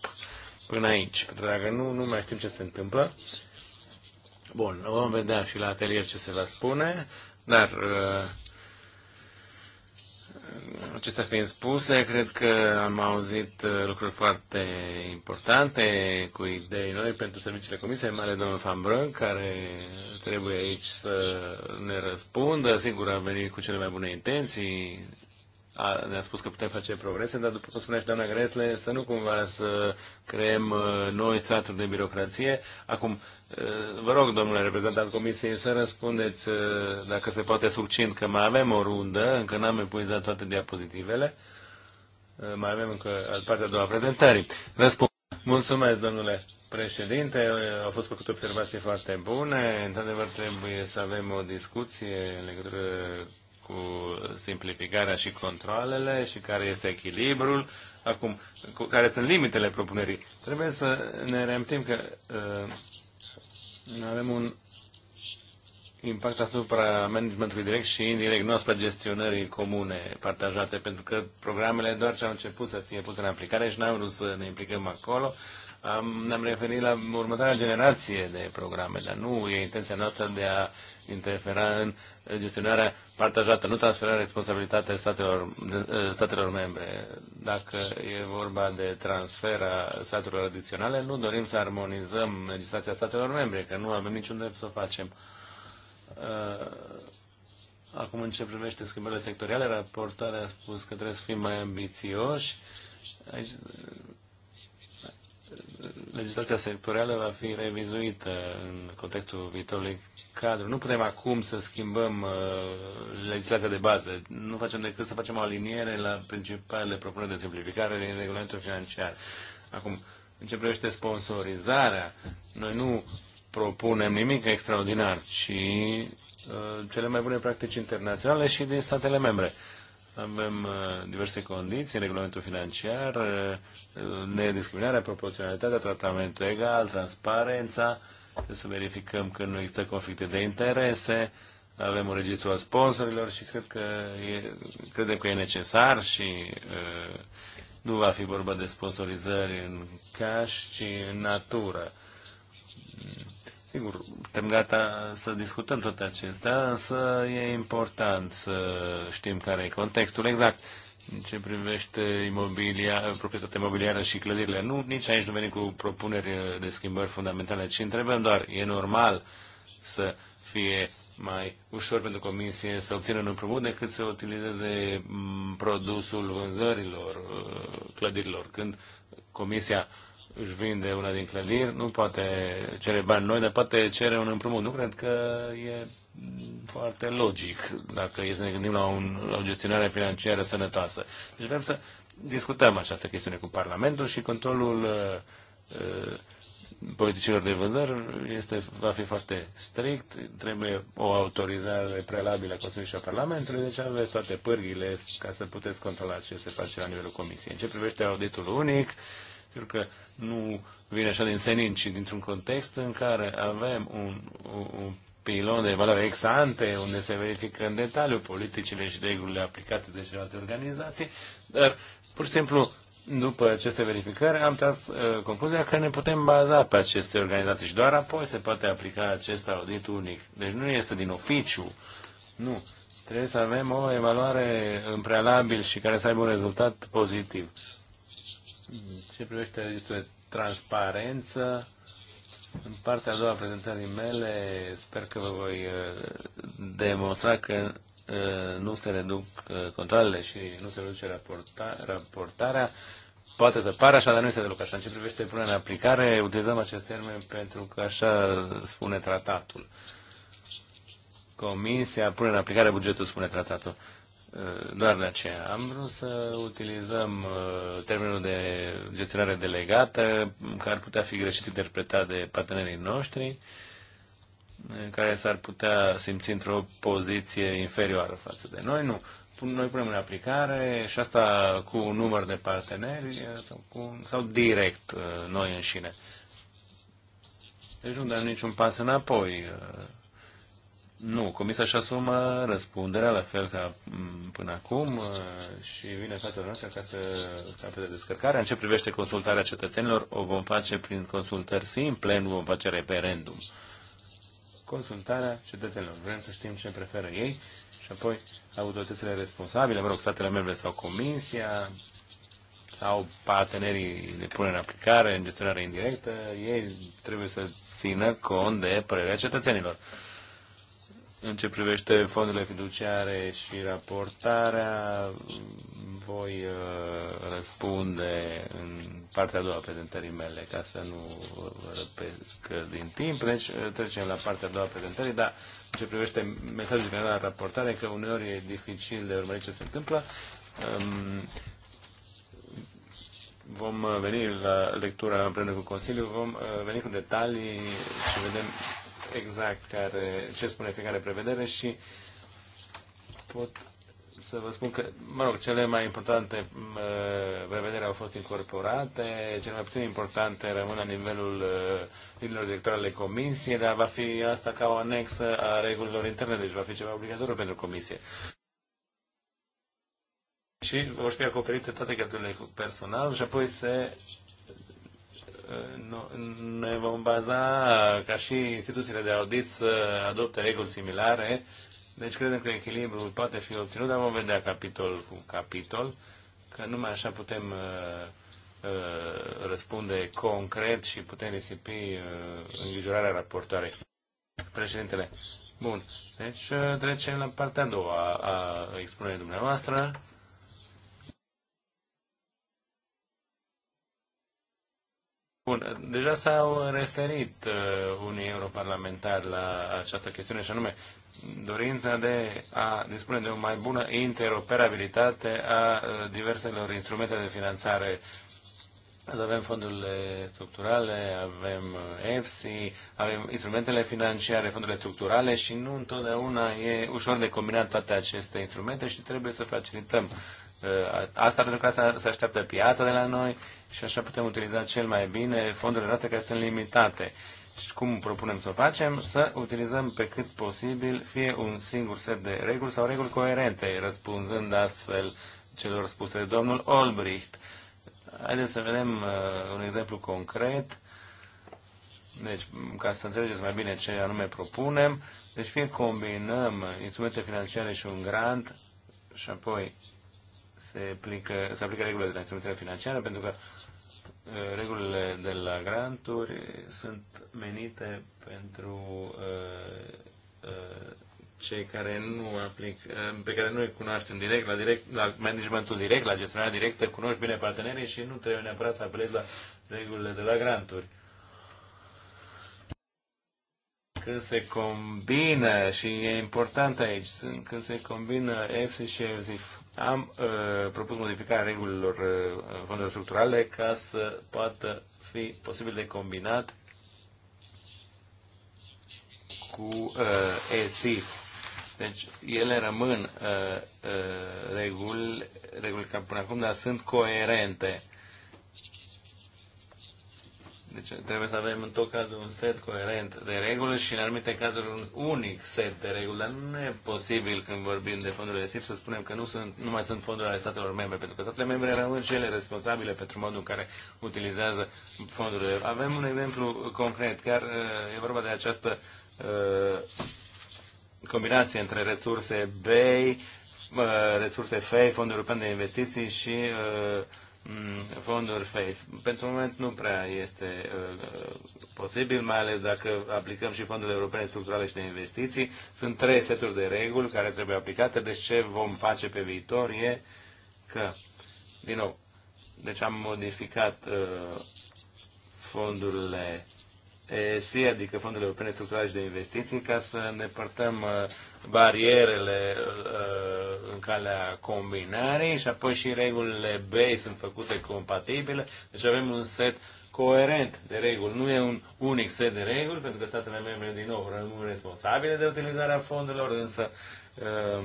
până aici. Pentru că dacă nu, nu mai știm ce se întâmplă. Bun, vom vedea și la atelier ce se va spune, dar uh, acestea fiind spuse, cred că am auzit uh, lucruri foarte importante cu idei noi pentru serviciile comisiei, mai ales domnul Brun, care trebuie aici să ne răspundă. Sigur, a venit cu cele mai bune intenții, ne-a spus că putem face progrese, dar după cum spunea și doamna Gresle, să nu cumva să creăm uh, noi straturi de birocrație. Acum, uh, vă rog, domnule reprezentant al Comisiei, să răspundeți, uh, dacă se poate succint, că mai avem o rundă, încă n-am epuizat toate diapozitivele, mai avem încă partea a doua prezentării. Răspund. Mulțumesc, domnule președinte, au fost făcute observații foarte bune. Într-adevăr, trebuie să avem o discuție în legătură cu simplificarea și controlele și care este echilibrul, acum, cu, care sunt limitele propunerii. Trebuie să ne reamintim că uh, avem un impact asupra managementului direct și indirect, nu asupra gestionării comune partajate, pentru că programele doar ce au început să fie puse în aplicare și n-am vrut să ne implicăm acolo. Am, ne-am referit la următoarea generație de programe, dar nu e intenția noastră de a interfera în gestionarea partajată, nu transferarea responsabilitatea statelor, eh, statelor membre. Dacă e vorba de transfera statelor adiționale, nu dorim să armonizăm legislația statelor membre, că nu avem niciun drept să o facem. Eh, acum, în ce privește schimbările sectoriale, raportarea a spus că trebuie să fim mai ambițioși. Aici legislația sectorială va fi revizuită în contextul viitorului cadru. Nu putem acum să schimbăm uh, legislația de bază. Nu facem decât să facem o aliniere la principalele propuneri de simplificare din regulamentul financiar. Acum, în ce privește sponsorizarea, noi nu propunem nimic extraordinar, ci uh, cele mai bune practici internaționale și din statele membre. Uh, avem uh, diverse condiții, regulamentul financiar, uh, nediscriminarea, proporționalitatea, tratamentul egal, transparența, să verificăm că nu există conflicte de interese, avem un registru al sponsorilor și cred că e, credem că e necesar și uh, nu va fi vorba de sponsorizări în cash, ci în natură. Sigur, suntem gata să discutăm toate acestea, însă e important să știm care e contextul exact. În ce privește imobilia, proprietatea imobiliară și clădirile, nu, nici aici nu venim cu propuneri de schimbări fundamentale, ci întrebăm doar, e normal să fie mai ușor pentru comisie să obțină un împrumut decât să utilizeze mm, produsul vânzărilor uh, clădirilor, când comisia își vinde una din clădiri, nu poate cere bani noi, dar poate cere un împrumut. Nu cred că e foarte logic dacă e să ne gândim la, un, la o gestionare financiară sănătoasă. Deci vrem să discutăm această chestiune cu Parlamentul și controlul uh, uh politicilor de vânzări este, va fi foarte strict, trebuie o autorizare prealabilă a Consiliului și a Parlamentului, deci aveți toate pârghile ca să puteți controla ce se face la nivelul Comisiei. În ce privește auditul unic, uh, Sigur că nu vine așa din senin, ci dintr-un context în care avem un, un pilon de valoare ex ante, unde se verifică în detaliu politicile și regulile aplicate de celelalte organizații, dar pur și simplu după aceste verificări am dat uh, concluzia că ne putem baza pe aceste organizații și doar apoi se poate aplica acest audit unic. Deci nu este din oficiu, nu. Trebuie să avem o evaluare în prealabil și care să aibă un rezultat pozitiv ce privește registrul de transparență, în partea a doua a prezentării mele, sper că vă voi uh, demonstra că uh, nu se reduc uh, controlele și nu se reduce raporta, raportarea. Poate să pară așa, dar nu este deloc așa. În ce privește punerea în aplicare, utilizăm acest termen pentru că așa spune tratatul. Comisia pune în aplicare bugetul, spune tratatul doar de aceea. Am vrut să utilizăm uh, termenul de gestionare delegată, care ar putea fi greșit interpretat de partenerii noștri, care s-ar putea simți într-o poziție inferioară față de noi. Nu. Noi punem în aplicare și asta cu un număr de parteneri uh, sau, cu, sau direct uh, noi înșine. Deci nu dăm niciun pas înapoi nu, Comisia își asumă răspunderea, la fel ca mm, până acum, uh, și vine toată lumea ca să capete descărcarea. În ce privește consultarea cetățenilor, o vom face prin consultări simple, nu vom face referendum. Consultarea cetățenilor. Vrem să știm ce preferă ei și apoi autoritățile responsabile, mă rog, statele membre sau Comisia, sau partenerii de punere în aplicare, în gestionare indirectă, ei trebuie să țină cont de părerea cetățenilor. În ce privește fondurile fiduciare și raportarea, voi uh, răspunde în partea a doua a prezentării mele, ca să nu vă răpesc din timp. Deci uh, trecem la partea a doua a prezentării, dar în ce privește mesajul general la raportare, că uneori e dificil de urmărit ce se întâmplă. Um, vom uh, veni la lectura împreună cu Consiliul, vom veni cu detalii și vedem exact care, ce spune fiecare prevedere și pot să vă spun că, mă rog, cele mai importante prevedere au fost incorporate, cele mai puțin importante rămân la nivelul uh, linilor directoare ale comisiei, dar va fi asta ca o anexă a regulilor interne, deci va fi ceva obligatoriu pentru comisie. Și vor fi acoperite toate cheltuielile cu personal și apoi se ne vom baza ca și instituțiile de audit să adopte reguli similare. Deci credem că echilibrul poate fi obținut, dar vom vedea capitol cu capitol, că numai așa putem uh, uh, răspunde concret și putem risipi uh, îngrijorarea raportoarei. Președintele. Bun. Deci trecem la partea a doua a expunerii dumneavoastră. Bun, deja s-au referit uh, unii europarlamentari la această chestiune și anume dorința de a dispune de o mai bună interoperabilitate a uh, diverselor instrumente de finanțare. Avem fondurile structurale, avem EFSI, uh, avem instrumentele financiare, fondurile structurale și nu întotdeauna e ușor de combinat toate aceste instrumente și trebuie să facilităm Uh, asta pentru că asta se așteaptă piața de la noi și așa putem utiliza cel mai bine fondurile noastre care sunt limitate. Și cum propunem să o facem? Să utilizăm pe cât posibil fie un singur set de reguli sau reguli coerente, răspunzând astfel celor spuse de domnul Olbricht. Haideți să vedem uh, un exemplu concret. Deci, ca să înțelegeți mai bine ce anume propunem, deci fie combinăm instrumente financiare și un grant și apoi se aplică, se aplică regulile de la instrumentele financiare, pentru că uh, regulile de la granturi sunt menite pentru uh, uh, cei care nu aplic, uh, pe care nu îi cunoaștem direct la, direct, la managementul direct, la gestionarea directă, cunoști bine partenerii și nu trebuie neapărat să apelezi la regulile de la granturi. Când se combină, și e important aici, când se combină EFSI și EFSIF, am uh, propus modificarea regulilor uh, fondurilor structurale ca să poată fi posibil de combinat cu uh, ESIF. Deci ele rămân uh, uh, reguli, reguli ca până acum, dar sunt coerente. Uh, deci trebuie să avem în tot cazul un set coerent de reguli și în anumite cazuri un unic set de reguli, dar nu e posibil când vorbim de fondurile SIP să spunem că nu, sunt, nu mai sunt fonduri ale statelor membre, pentru că statele membre rămân și ele responsabile pentru modul în care utilizează fondurile. Avem un exemplu concret, chiar uh, e vorba de această uh, combinație între resurse BEI, uh, resurse FEI, Fondul European de Investiții și uh, Mm, fonduri FACE. Pentru moment nu prea este uh, posibil, mai ales dacă aplicăm și fondurile europene structurale și de investiții. Sunt trei seturi de reguli care trebuie aplicate, deci ce vom face pe viitor e că, din nou, deci am modificat uh, fondurile ESI, adică Fondurile Europene Structurale și de Investiții, ca să ne părtăm uh, barierele uh, în calea combinării și apoi și regulile B sunt făcute compatibile. Deci avem un set coerent de reguli, nu e un unic set de reguli, pentru că statele membre, din nou, rămân responsabile de utilizarea fondurilor, însă uh,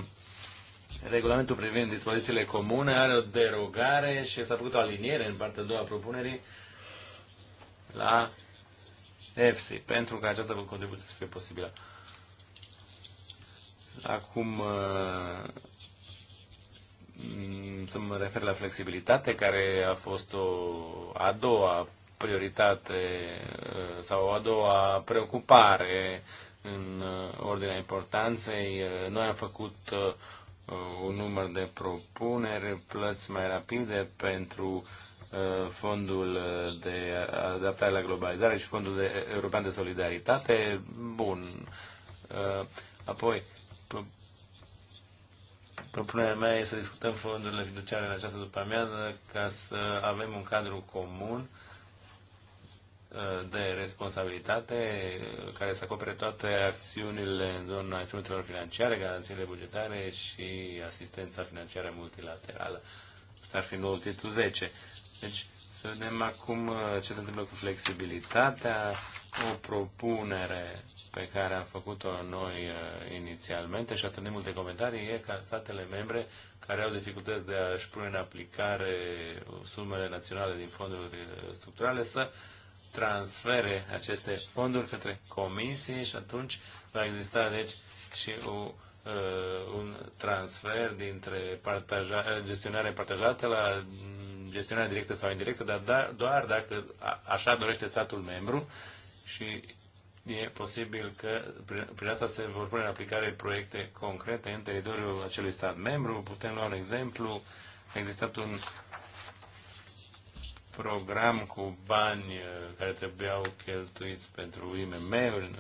regulamentul privind dispozițiile comune are o derogare și s-a făcut o aliniere în partea a doua a propunerii la EFSI, pentru ca această contribuție să fie posibilă. Acum, uh, să mă refer la flexibilitate, care a fost o a doua prioritate uh, sau a doua preocupare în uh, ordinea importanței. Noi am făcut un număr de propuneri, plăți mai rapide pentru Uh, fondul uh, de adaptare la globalizare și fondul de, european de solidaritate. Bun. Uh, apoi, propunerea mea este să discutăm fondurile fiduciare în această după-amiază ca să avem un cadru comun de responsabilitate care să acopere toate acțiunile în zona instrumentelor financiare, garanțiile bugetare și asistența financiară multilaterală. Asta ar fi noul titlu 10. Deci să vedem acum uh, ce se întâmplă cu flexibilitatea, o propunere pe care am făcut-o noi uh, inițialmente și atât de multe comentarii e ca statele membre care au dificultăți de a-și pune în aplicare sumele naționale din fonduri uh, structurale să transfere aceste fonduri către comisie și atunci va exista deci și o Uh, un transfer dintre partaja, gestionarea partajată la gestionarea directă sau indirectă, dar da, doar dacă așa dorește statul membru și e posibil că prin asta se vor pune în aplicare proiecte concrete în teritoriul acelui stat membru. Putem lua un exemplu. A existat un program cu bani uh, care trebuiau cheltuiți pentru IMM-uri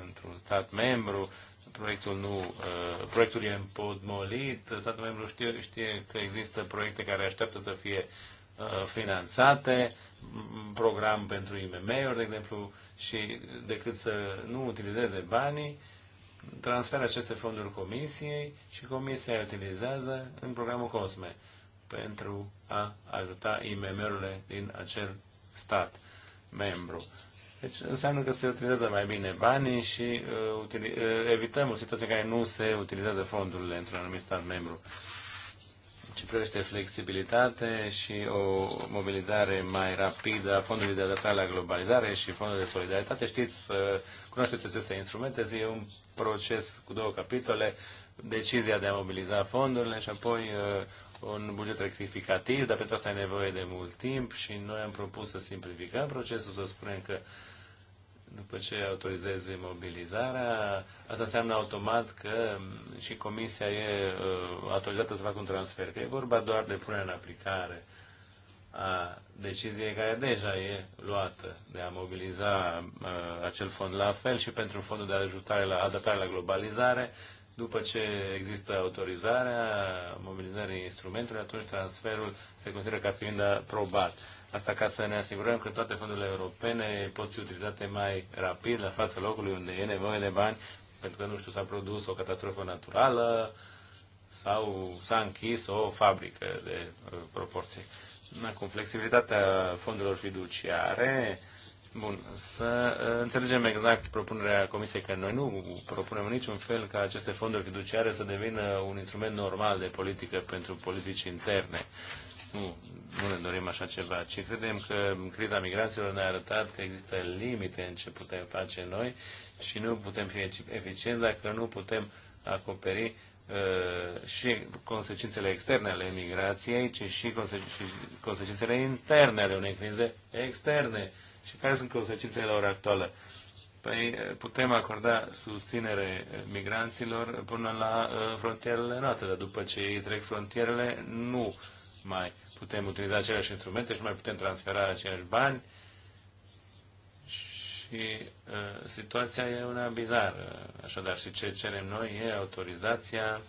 într-un stat membru proiectul nu, uh, proiectul e împodmolit, statul membru știe, știe că există proiecte care așteaptă să fie uh, finanțate, program pentru IMM-uri, de exemplu, și decât să nu utilizeze banii, transferă aceste fonduri comisiei și comisia le utilizează în programul COSME pentru a ajuta IMM-urile din acel stat membru. Deci înseamnă că se utilizează mai bine banii și uh, utili- uh, evităm o situație în care nu se utilizează fondurile într-un anumit stat membru. Ce privește flexibilitate și o mobilizare mai rapidă a fondului de adaptare la globalizare și fondul de solidaritate, știți, uh, cunoașteți aceste instrumente, e un proces cu două capitole, decizia de a mobiliza fondurile și apoi uh, un buget rectificativ, dar pentru asta e nevoie de mult timp și noi am propus să simplificăm procesul, să spunem că uh, după ce autorizeze mobilizarea, asta înseamnă automat că și comisia e uh, autorizată să facă un transfer, că e vorba doar de punerea în aplicare a deciziei care deja e luată de a mobiliza uh, acel fond. La fel și pentru fondul de ajustare la adaptare la globalizare, după ce există autorizarea mobilizării instrumentului, atunci transferul se consideră ca fiind aprobat. Asta ca să ne asigurăm că toate fondurile europene pot fi utilizate mai rapid la fața locului unde e nevoie de bani, pentru că, nu știu, s-a produs o catastrofă naturală sau s-a închis o fabrică de uh, proporții. Acum, flexibilitatea fondurilor fiduciare, Bun, să uh, înțelegem exact propunerea Comisiei, că noi nu propunem niciun fel ca aceste fonduri fiduciare să devină un instrument normal de politică pentru politici interne. Nu, nu ne dorim așa ceva, ci credem că criza migranților ne-a arătat că există limite în ce putem face noi și nu putem fi eficienți dacă nu putem acoperi uh, și consecințele externe ale migrației, ci și, consecințele interne ale unei crize externe. Și care sunt consecințele la ora actuală? Păi uh, putem acorda susținere migranților până la uh, frontierele noastre, dar după ce ei trec frontierele, nu. Uh, mai putem utiliza aceleași instrumente și mai putem transfera aceiași bani și uh, situația e una bizară. Așadar, și ce cerem noi e autorizația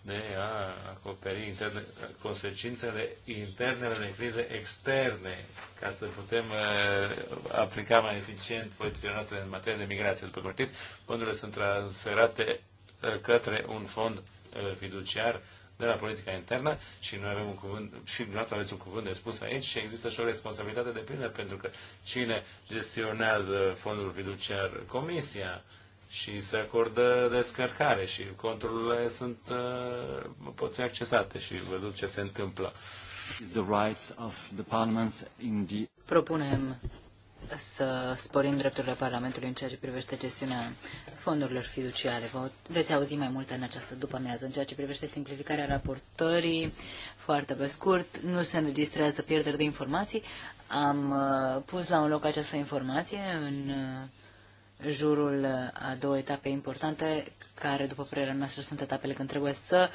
de a acoperi interne, consecințele interne ale crize externe, ca să putem uh, aplica mai eficient politicile noastre în materie de migrație. După cum știți, fondurile sunt transferate uh, către un fond uh, fiduciar de la politica internă și noi avem un cuvânt, și dumneavoastră aveți un cuvânt de spus aici și există și o responsabilitate de plină pentru că cine gestionează fondul fiduciar? Comisia și se acordă descărcare și controlurile sunt, uh, pot fi accesate și văzut ce se întâmplă. Propunem să sporim drepturile Parlamentului în ceea ce privește gestiunea fondurilor fiduciare. Vă veți auzi mai multe în această după-amiază. În ceea ce privește simplificarea raportării, foarte pe scurt, nu se înregistrează pierderi de informații. Am uh, pus la un loc această informație în uh, jurul uh, a două etape importante, care, după părerea noastră, sunt etapele când trebuie să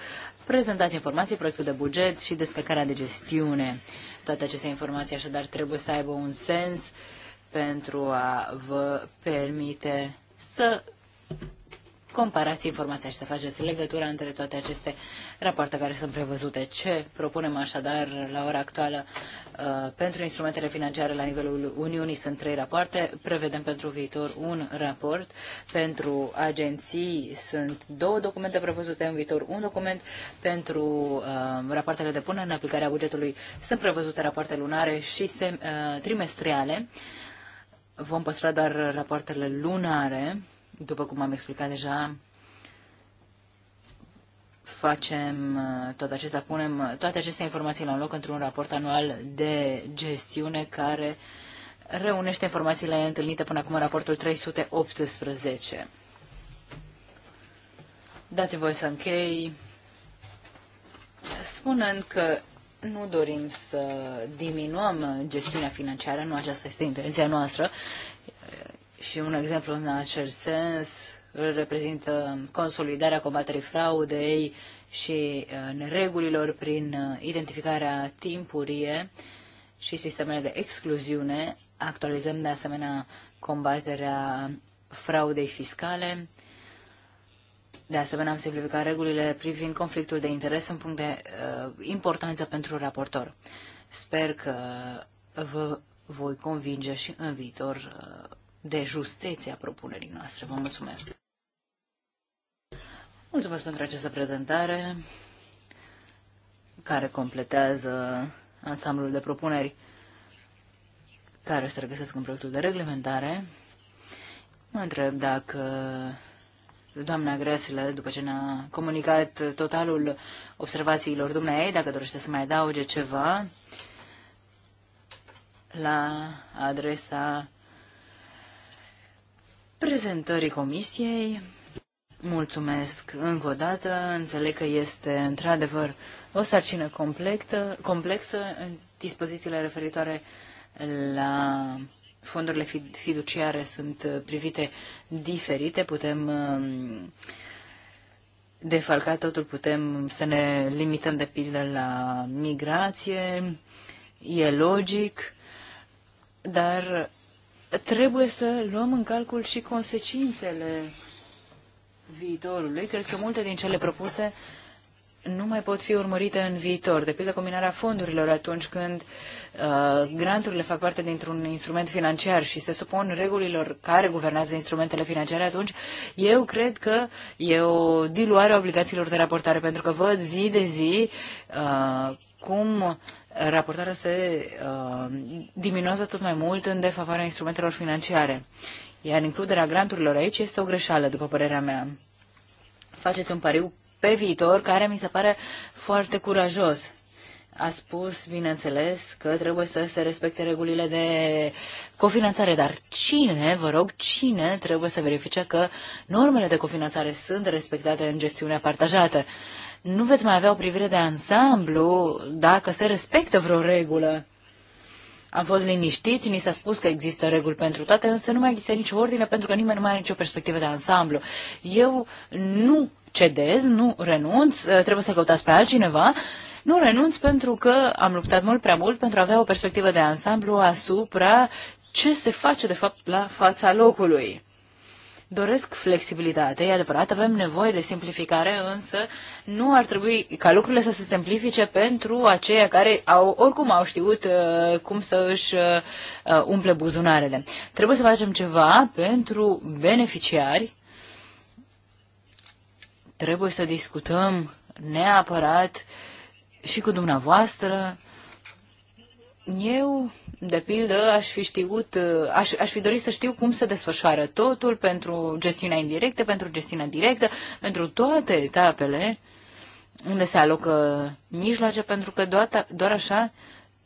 prezentați informații, proiectul de buget și descărcarea de gestiune. Toate aceste informații, așadar, trebuie să aibă un sens uh, pentru a vă permite să comparați informația și să faceți legătura între toate aceste rapoarte care sunt prevăzute. Ce propunem așadar la ora actuală uh, pentru instrumentele financiare la nivelul Uniunii sunt trei rapoarte, prevedem pentru viitor un raport, pentru agenții sunt două documente prevăzute în viitor, un document pentru uh, rapoartele de punere în aplicarea bugetului sunt prevăzute rapoarte lunare și sem, uh, trimestriale. Uh, Vom păstra doar rapoartele lunare, după cum am explicat deja, facem uh, tot acesta, punem uh, toate aceste informații la un loc într-un raport anual de gestiune care reunește informațiile întâlnite până acum în raportul 318. Dați-mi voi să închei spunând că nu dorim să diminuăm gestiunea financiară, nu aceasta este intenția noastră. Și un exemplu în acest sens îl reprezintă consolidarea combaterii fraudei și uh, neregulilor prin uh, identificarea timpurie și sistemele de excluziune. Actualizăm de asemenea combaterea fraudei fiscale de asemenea, am simplificat regulile privind conflictul de interes în punct de uh, importanță pentru raportor. Sper că vă voi convinge și în viitor uh, de justeția propunerii noastre. Vă mulțumesc! Mulțumesc pentru această prezentare care completează ansamblul de propuneri care se regăsesc în proiectul de reglementare. Mă întreb dacă doamna Greslă, după ce ne-a comunicat totalul observațiilor dumneai, dacă dorește să mai adauge ceva la adresa prezentării comisiei. Mulțumesc încă o dată. Înțeleg că este într-adevăr o sarcină complexă, complexă în dispozițiile referitoare la fondurile fiduciare sunt privite diferite, putem um, defalca totul, putem să ne limităm de pildă la migrație, e logic, dar trebuie să luăm în calcul și consecințele viitorului. Cred că multe din cele propuse uh, nu mai pot fi urmărite în viitor, de pildă combinarea fondurilor atunci când uh, granturile fac parte dintr-un instrument financiar și se supun regulilor care guvernează instrumentele financiare, atunci eu cred că e o diluare a obligațiilor de raportare, pentru că văd zi de zi uh, cum raportarea se uh, diminuează tot mai mult în defavoarea instrumentelor financiare. Iar includerea granturilor aici este o greșeală, după părerea mea. Faceți un pariu pe viitor, care mi se pare foarte curajos. A spus, bineînțeles, că trebuie să se respecte regulile de cofinanțare, dar cine, vă rog, cine trebuie să verifice că normele de cofinanțare sunt respectate în gestiunea partajată? Nu veți mai avea o privire de ansamblu dacă se respectă vreo regulă. Am fost liniștiți, ni s-a spus că există reguli pentru toate, însă nu mai există nicio ordine pentru că nimeni nu mai are nicio perspectivă de ansamblu. Eu nu cedez, nu renunț, ă, trebuie să căutați pe altcineva. Nu renunț pentru că am luptat mult prea mult pentru a avea o perspectivă de ansamblu asupra ce se face de fapt la fața locului. Doresc flexibilitate, e adevărat, avem nevoie de simplificare, însă nu ar trebui ca lucrurile să se simplifice pentru aceia care au, oricum au știut uh, cum să își uh, umple buzunarele. Trebuie să facem ceva pentru beneficiari Trebuie să discutăm neapărat și cu dumneavoastră. Eu, de pildă, aș fi știut, aș, aș fi dorit să știu cum se desfășoară totul pentru gestiunea indirectă, pentru gestiunea directă, pentru toate etapele unde se alocă mijloace, pentru că doar, doar așa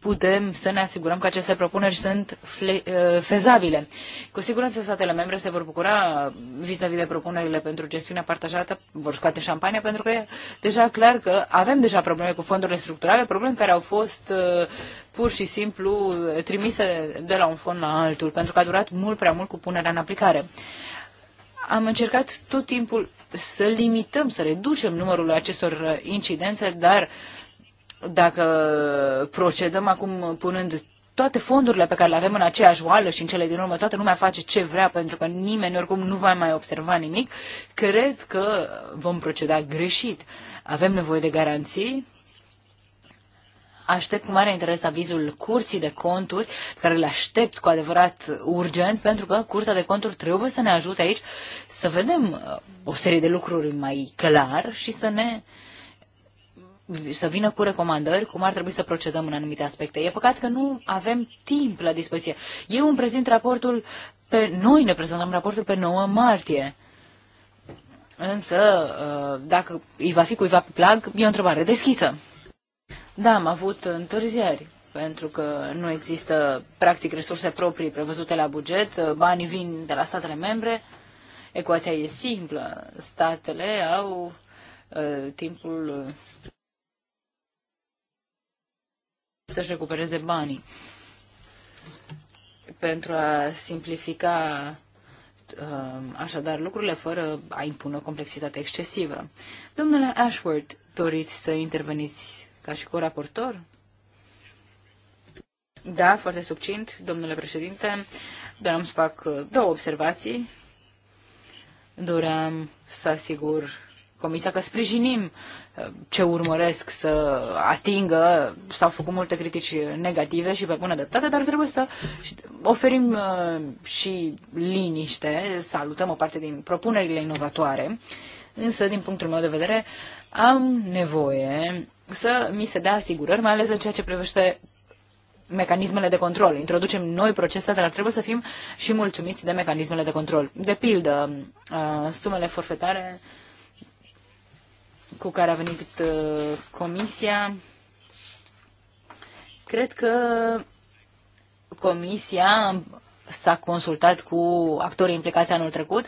putem să ne asigurăm că aceste propuneri sunt uh, fezabile. Cu siguranță statele membre se vor bucura vis-a-vis -vis de propunerile pentru gestiunea partajată, vor scoate șampania, pentru că e deja clar că avem deja probleme cu fondurile structurale, probleme care au fost uh, pur și simplu trimise de la un fond la altul, pentru că a durat mult prea mult cu punerea în aplicare. Am încercat tot timpul să limităm, să reducem numărul acestor incidențe, dar uh, dacă procedăm acum punând toate fondurile pe care le avem în aceeași oală și în cele din urmă toată lumea face ce vrea pentru că nimeni oricum nu va mai observa nimic, cred că vom proceda greșit. Avem nevoie de garanții, aștept cu mare interes avizul Curții de Conturi, care le aștept cu adevărat urgent, pentru că Curtea de Conturi trebuie să ne ajute aici să vedem uh, o serie de lucruri mai clar și să ne să vină cu recomandări cum ar trebui să procedăm în anumite aspecte. E păcat că nu avem timp la dispoziție. Eu îmi prezint raportul pe... Noi ne prezentăm raportul pe 9 martie. Însă, uh, dacă îi va fi cuiva pe plag, e o întrebare deschisă. Da, am avut întârzieri pentru că nu există practic resurse proprii prevăzute la buget, uh, banii vin de la statele membre, ecuația e simplă, statele au uh, timpul uh, să-și recupereze banii. Pentru a simplifica uh, așadar lucrurile fără a impune o complexitate excesivă. Domnule Ashworth, doriți să interveniți ca și coraportor? Da, foarte succint, domnule președinte. Doream să fac două observații. Doream să asigur Comisia că sprijinim uh, ce urmăresc să atingă. S-au făcut multe critici negative și pe bună dreptate, dar trebuie să oferim uh, și liniște, salutăm o parte din propunerile inovatoare, însă, din punctul meu de vedere, am nevoie să mi se dea asigurări, mai ales în ceea ce privește mecanismele de control. Introducem noi procese, dar trebuie să fim și mulțumiți de mecanismele de control. De pildă, uh, sumele forfetare cu care a venit uh, comisia. Cred că comisia s-a consultat cu actorii implicați anul trecut,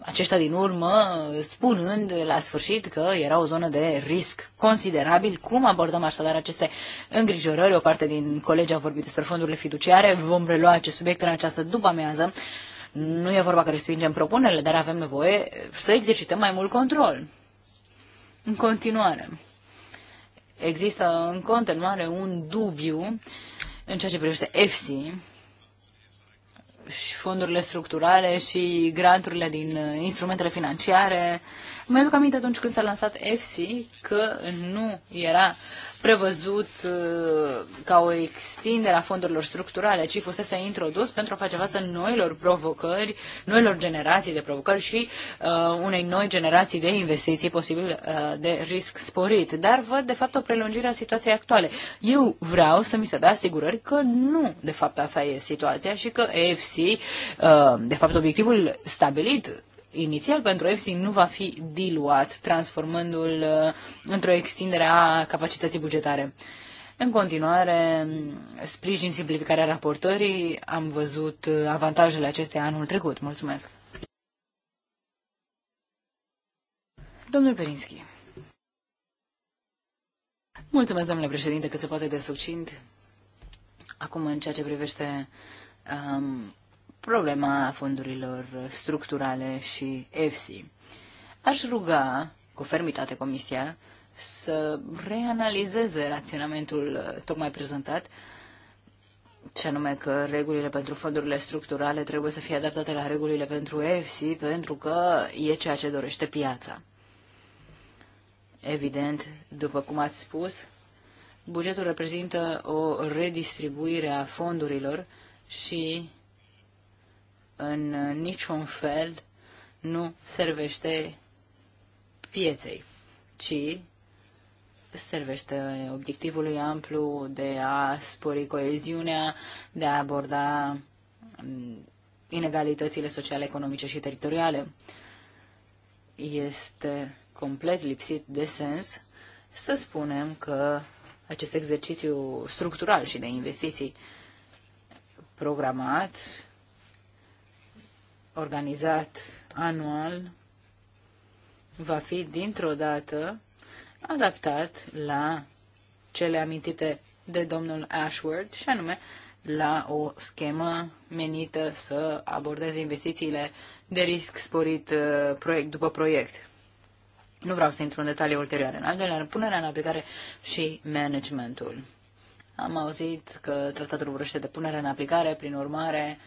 aceștia din urmă spunând la sfârșit că era o zonă de risc considerabil. Cum abordăm așadar aceste îngrijorări? O parte din colegi au vorbit despre fondurile fiduciare. Vom relua acest subiect în această după-amiază. Nu e vorba că respingem propunerile, dar avem nevoie să exercităm mai mult control. În continuare, există în continuare un dubiu în ceea ce privește EFSI și fondurile structurale și granturile din uh, instrumentele financiare. Mă aduc aminte atunci când s-a lansat EFSI că nu era prevăzut uh, ca o extindere a fondurilor structurale, ci fusese introdus pentru a face față noilor provocări, noilor generații de provocări și uh, unei noi generații de investiții, posibil uh, de risc sporit. Dar văd, de fapt, o prelungire a situației actuale. Eu vreau să mi se dea asigurări că nu, de fapt, asta e situația și că EFC, uh, de fapt, obiectivul stabilit inițial pentru EFSI nu va fi diluat, transformându-l uh, într-o extindere a capacității bugetare. În continuare, sprijin simplificarea raportării. Am văzut uh, avantajele acestei anul trecut. Mulțumesc. Domnul Perinski. Mulțumesc, domnule președinte, că se poate de succint. Acum, în ceea ce privește um, problema fondurilor structurale și EFSI. Aș ruga cu fermitate Comisia să reanalizeze raționamentul uh, tocmai prezentat, ce anume că regulile pentru fondurile structurale trebuie să fie adaptate la regulile pentru EFSI, pentru că e ceea ce dorește piața. Evident, după cum ați spus, bugetul reprezintă o redistribuire a fondurilor și în niciun fel nu servește pieței, ci servește obiectivului amplu de a spori coeziunea, de a aborda mm, inegalitățile sociale, economice și teritoriale. Este complet lipsit de sens să spunem că acest exercițiu structural și de investiții programat organizat anual va fi dintr-o dată adaptat la cele amintite de domnul Ashworth și anume la o schemă menită să abordeze investițiile de risc sporit uh, proiect după proiect. Nu vreau să intru în detalii ulterioare. În al doilea, punerea în aplicare și managementul. Am auzit că tratatul vorbește de punere în aplicare, prin urmare,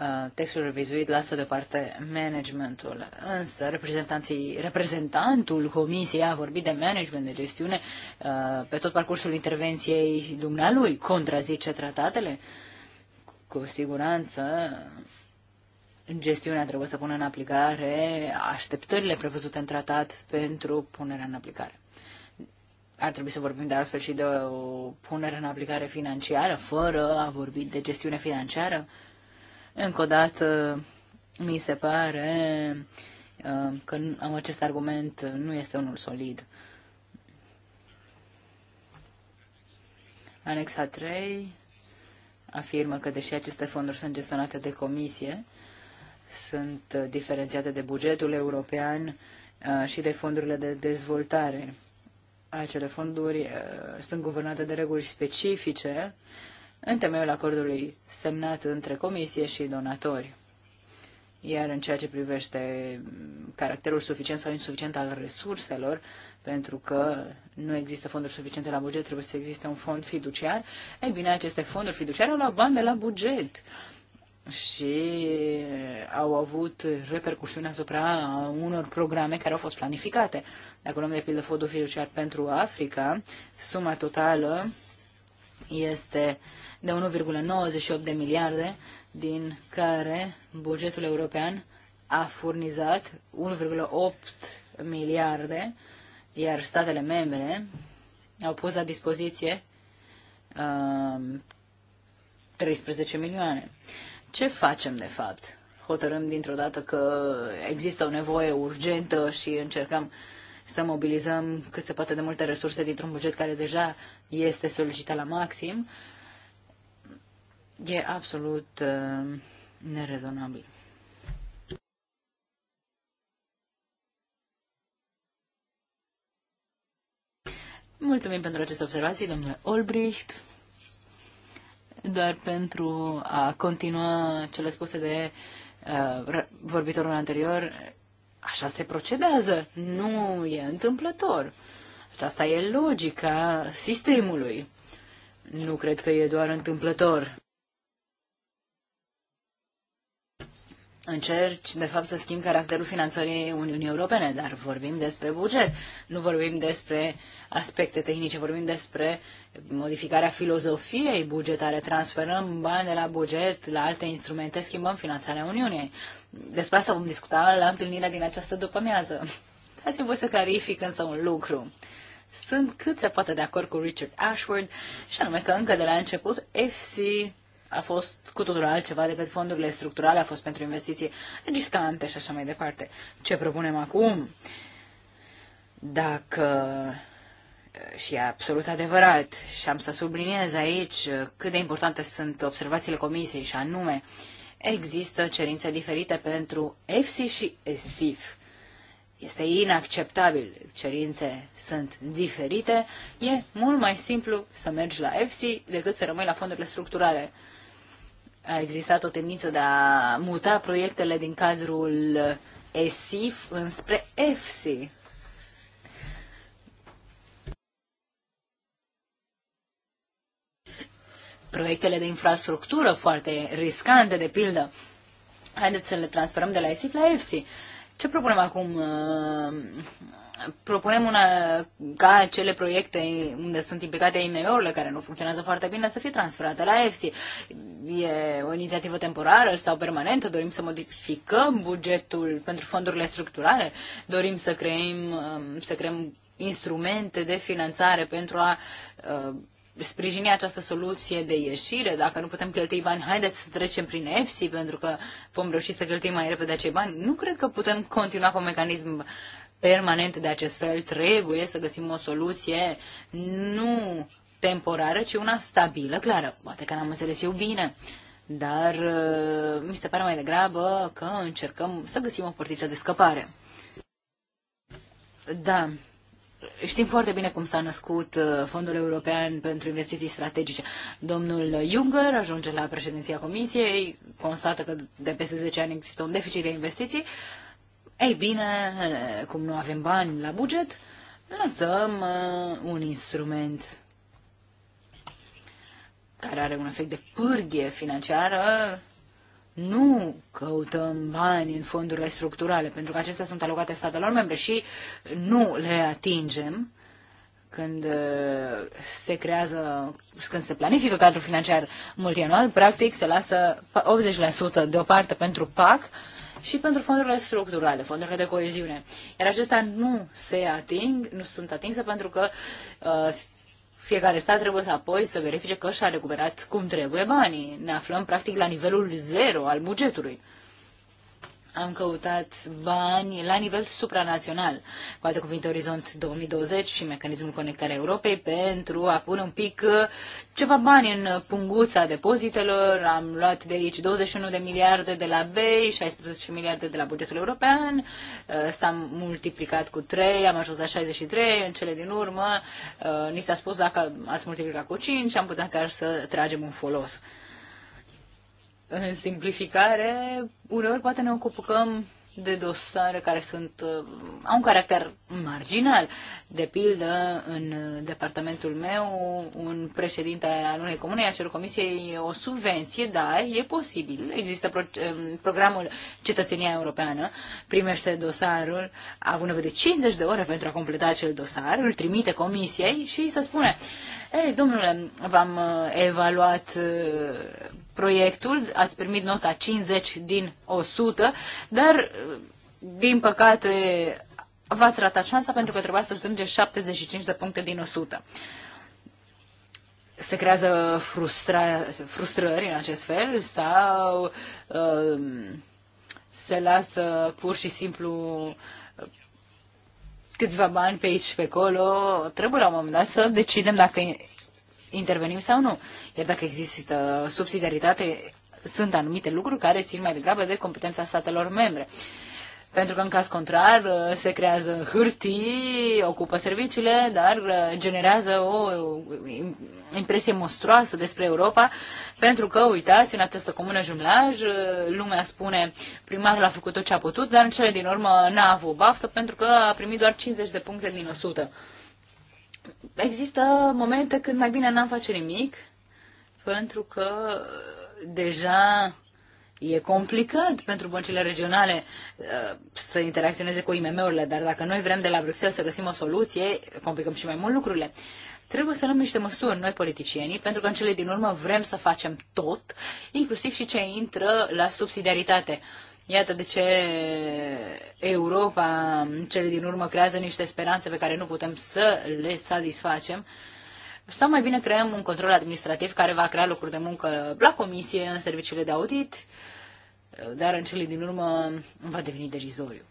Uh, textul revizuit lasă deoparte managementul. Însă, reprezentanții, reprezentantul comisiei a vorbit de management, de gestiune uh, pe tot parcursul intervenției dumnealui. Contrazice tratatele? Cu siguranță, gestiunea trebuie să pună în aplicare așteptările prevăzute în tratat pentru punerea în aplicare. Ar trebui să vorbim de altfel și de o punere în aplicare financiară, fără a vorbi de gestiune financiară încă o dată, mi se pare uh, că acest argument nu este unul solid. Anexa 3 afirmă că deși aceste fonduri sunt gestionate de comisie, sunt uh, diferențiate de bugetul european uh, și de fondurile de dezvoltare. Acele fonduri sunt guvernate de reguli specifice în temeiul acordului semnat între comisie și donatori. Iar în ceea ce privește caracterul suficient sau insuficient al resurselor, pentru că nu există fonduri suficiente la buget, trebuie să existe un fond fiduciar, ei bine, aceste fonduri fiduciare au luat bani de la buget și au avut repercusiuni asupra unor programe care au fost planificate. Dacă luăm de pildă fondul fiduciar pentru Africa, suma totală este de 1,98 de miliarde, din care bugetul european a furnizat 1,8 miliarde, iar statele membre au pus la dispoziție uh, um, 13 milioane. Ce facem de fapt? Hotărâm dintr-o dată că există o nevoie urgentă și încercăm uh, să mobilizăm cât se poate de multe resurse dintr-un buget care deja este solicitat la maxim, e absolut uh, nerezonabil. Mulțumim pentru aceste observații, domnule Olbricht. Doar pentru a continua cele spuse de uh, vorbitorul anterior, Așa se procedează. Nu e întâmplător. Aceasta e logica sistemului. Nu cred că e doar întâmplător. încerci, de fapt, să schimbi caracterul finanțării Uniunii Europene, dar vorbim despre buget, nu vorbim despre aspecte tehnice, vorbim despre modificarea filozofiei bugetare, transferăm bani de la buget la alte instrumente, schimbăm finanțarea Uniunii. Despre asta vom discuta la întâlnirea din această după-amiază. Dați-mi voi să clarific însă un lucru. Sunt cât se poate de acord cu Richard Ashford și anume că încă de la început FC a fost cu totul altceva decât fondurile structurale, a fost pentru investiții riscante și așa mai departe. Ce propunem acum? Dacă și e absolut adevărat și am să subliniez aici cât de importante sunt observațiile comisiei și anume există cerințe diferite pentru EFSI și ESIF. Este inacceptabil, cerințe sunt diferite, e mult mai simplu să mergi la EFSI decât să rămâi la fondurile structurale a existat o tendință de a muta proiectele din cadrul ESIF înspre EFSI. Proiectele de infrastructură foarte riscante, de pildă, haideți să le transferăm de la ESIF la EFSI. Ce propunem acum? Uh, propunem una, ca cele proiecte unde sunt implicate IME-urile care nu funcționează foarte bine să fie transferate la EFSI. E o inițiativă temporară sau permanentă, dorim să modificăm bugetul pentru fondurile structurale, dorim să creăm, um, să creăm instrumente de finanțare pentru a uh, sprijini această soluție de ieșire. Dacă nu putem cheltui bani, haideți să trecem prin EFSI, pentru că vom reuși să cheltuim mai repede acei bani. Nu cred că putem continua cu un mecanism permanent de acest fel. Trebuie să găsim o soluție nu temporară, ci una stabilă, clară. Poate că n-am înțeles eu bine, dar uh, mi se pare mai degrabă că încercăm să găsim o portiță de scăpare. Da, Știm foarte bine cum s-a născut uh, Fondul European pentru Investiții Strategice. Domnul Juncker ajunge la președinția Comisiei, constată că de peste 10 ani există un deficit de investiții ei bine, eh, cum nu avem bani la buget, lăsăm uh, un instrument care are un efect de pârghie financiară. Nu căutăm bani în fondurile structurale, pentru că acestea sunt alocate statelor membre și nu le atingem când eh, se creează, când se planifică cadrul financiar multianual, practic se lasă 80% deoparte pentru PAC, și pentru fondurile structurale, fondurile de coeziune. Iar acestea nu se ating, nu sunt atinse pentru că uh, fiecare stat trebuie să apoi să verifice că și-a recuperat cum trebuie banii. Ne aflăm practic la nivelul zero al bugetului am căutat bani la nivel supranațional, cu alte cuvinte Orizont 2020 și mecanismul conectarea Europei pentru a pune un pic uh, ceva bani în punguța depozitelor. Am luat de aici 21 de miliarde de la BEI, 16 miliarde de la bugetul european, uh, s-a multiplicat cu 3, am ajuns la 63, în cele din urmă uh, ni s-a spus dacă ați multiplicat cu 5, am putea chiar să tragem un folos în simplificare, uneori poate ne ocupăm de dosare care sunt, uh, au un caracter marginal. De pildă, în departamentul meu, un președinte al unei comune a cerut comisiei o subvenție, da, e posibil. Există pro, uh, programul Cetățenia Europeană, primește dosarul, a avut nevoie de 50 de ore pentru a completa acel dosar, îl trimite comisiei și se spune, ei, domnule, v-am uh, evaluat proiectul, ați primit nota 50 din 100, dar, din păcate, v-ați ratat șansa pentru că trebuia să strângeți 75 de puncte din 100. Se creează frustra- frustrări în acest fel sau um, se lasă pur și simplu câțiva bani pe aici și pe acolo. Trebuie la un moment dat să decidem dacă intervenim sau nu. Iar dacă există subsidiaritate, sunt anumite lucruri care țin mai degrabă de competența statelor membre. Pentru că, în caz contrar, se creează hârtii, ocupă serviciile, dar generează o impresie monstruoasă despre Europa, pentru că, uitați, în această comună jumlaj, lumea spune primarul a făcut tot ce a putut, dar în cele din urmă n-a avut baftă pentru că a primit doar 50 de puncte din 100 există momente când mai bine n-am face nimic, pentru că deja e complicat pentru băncile regionale uh, să interacționeze cu IMM-urile, dar dacă noi vrem de la Bruxelles să găsim o soluție, complicăm și mai mult lucrurile. Trebuie să luăm niște măsuri noi politicienii, pentru că în cele din urmă vrem să facem tot, inclusiv și ce intră la subsidiaritate. Iată de ce Europa, cele din urmă, creează niște speranțe pe care nu putem să le satisfacem. Sau mai bine creăm un control administrativ care va crea locuri de muncă la comisie, în serviciile de audit, dar în cele din urmă va deveni derizoriu.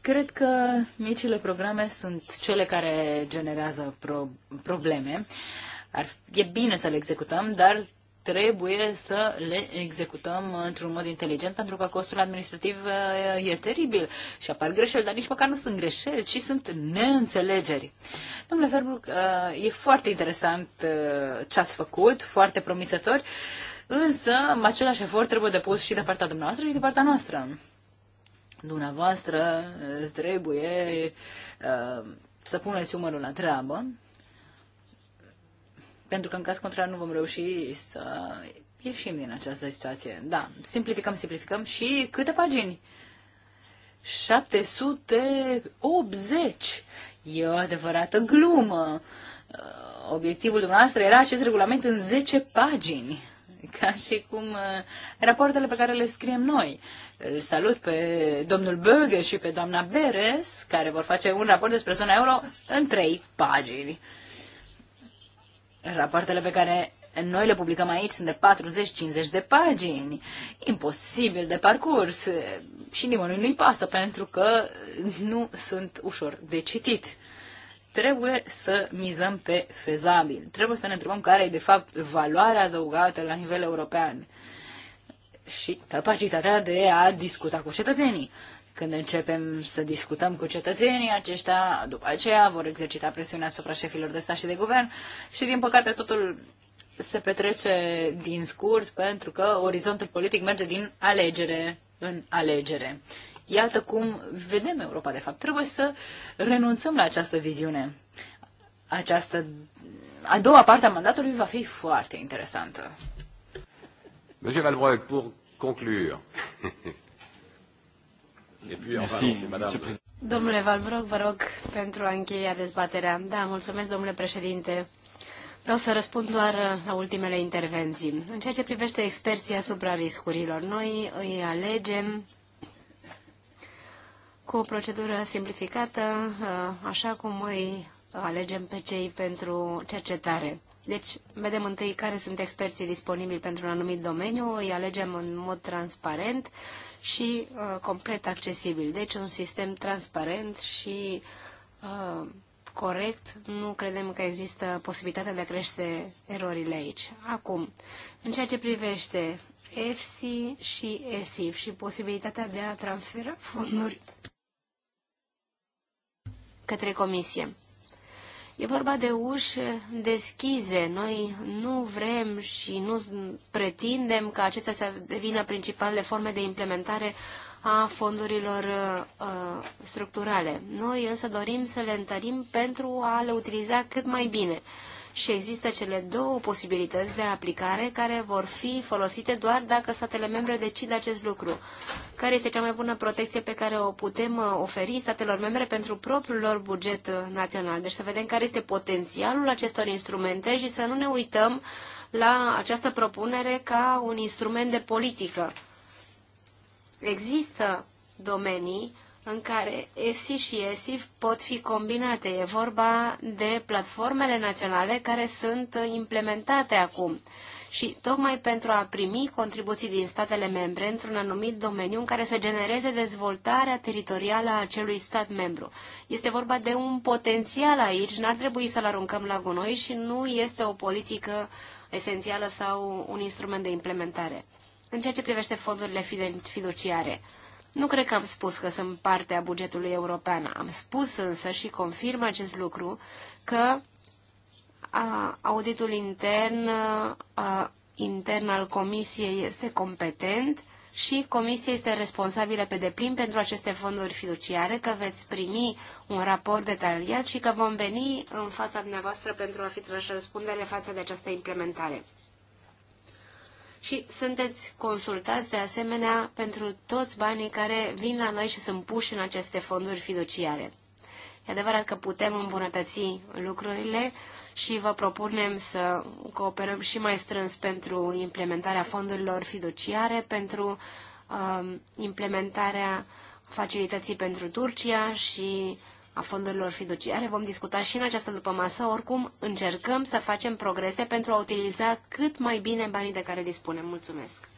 Cred că micile programe sunt cele care generează pro- probleme. Ar, e bine să le executăm, dar trebuie să le executăm într-un mod inteligent, pentru că costul administrativ uh, e teribil și apar greșeli, dar nici măcar nu sunt greșeli, ci sunt neînțelegeri. Domnule Verbul, uh, e foarte interesant uh, ce ați făcut, foarte promițător, însă același efort trebuie depus și de partea dumneavoastră și de partea noastră. Dumneavoastră trebuie să puneți umărul la treabă pentru că în caz contrar nu vom reuși să ieșim din această situație. Da, simplificăm, simplificăm și câte pagini? 780! E o adevărată glumă! Uh, obiectivul dumneavoastră era acest regulament în 10 pagini, ca și cum uh, rapoartele pe care le scriem noi. Îl salut pe domnul Böge și pe doamna Beres, care vor face un raport despre zona euro în 3 pagini. Rapoartele pe care noi le publicăm aici sunt de 40-50 de pagini, imposibil de parcurs și nimănui nu-i pasă pentru că nu sunt ușor de citit. Trebuie să mizăm pe fezabil, trebuie să ne întrebăm care e de fapt valoarea adăugată la nivel european și capacitatea de a discuta cu cetățenii. Când începem să discutăm cu cetățenii aceștia, după aceea vor exercita presiunea asupra șefilor de stat și de guvern și, din păcate, totul se petrece din scurt pentru că orizontul politic merge din alegere în alegere. Iată cum vedem Europa, de fapt. Trebuie să renunțăm la această viziune. Această a doua parte a mandatului va fi foarte interesantă. Monsieur Valbrec, pour conclure. Domnule Valbroc, vă rog pentru a încheia dezbaterea. Da, mulțumesc, domnule președinte. Vreau să răspund doar uh, la ultimele intervenții. În ceea ce privește experții asupra riscurilor, noi îi alegem cu o procedură simplificată, uh, așa cum îi alegem pe cei pentru cercetare. Deci, vedem întâi care sunt experții disponibili pentru un anumit domeniu, îi alegem în mod transparent și uh, complet accesibil. Deci un sistem transparent și uh, corect. Nu credem că există posibilitatea de a crește erorile aici. Acum, în ceea ce privește EFSI și ESIF și posibilitatea de a transfera fonduri către comisie. E vorba de uși deschise. Noi nu vrem și nu pretindem că acestea să devină principalele forme de implementare a fondurilor uh, structurale. Noi însă dorim să le întărim pentru a le utiliza cât mai bine. Uh, și există cele două posibilități de aplicare care vor fi folosite doar dacă statele membre decid acest lucru. Care este cea mai bună protecție pe care o putem uh, oferi statelor membre pentru propriul lor buget uh, național? Deci să vedem care este potențialul acestor instrumente și să nu ne uităm la această propunere ca un instrument de politică. Există domenii în care EFSI și ESIF pot fi combinate. E vorba de platformele naționale care sunt implementate acum și tocmai pentru a primi contribuții din statele membre într-un anumit domeniu în care să genereze dezvoltarea teritorială a acelui stat membru. Este vorba de un potențial aici, n-ar trebui să-l aruncăm la gunoi și nu este o politică esențială sau un instrument de implementare. În ceea ce privește fondurile fiduciare, nu cred că am spus că sunt parte a bugetului european. Am spus însă și confirm acest lucru că a, auditul intern, a, intern al Comisiei este competent și Comisia este responsabilă pe deplin pentru aceste fonduri fiduciare, că veți primi un raport detaliat și că vom veni în fața dumneavoastră pentru a fi trași răspundere față de această implementare și sunteți consultați de asemenea pentru toți banii care vin la noi și sunt puși în aceste fonduri fiduciare. E adevărat că putem îmbunătăți lucrurile și vă propunem să cooperăm și mai strâns pentru implementarea fondurilor fiduciare, pentru uh, implementarea facilității pentru Turcia și uh, a fondurilor fiduciare. Vom discuta și în această după masă. Oricum, încercăm să facem progrese pentru a utiliza cât mai bine banii de care dispunem. Mulțumesc!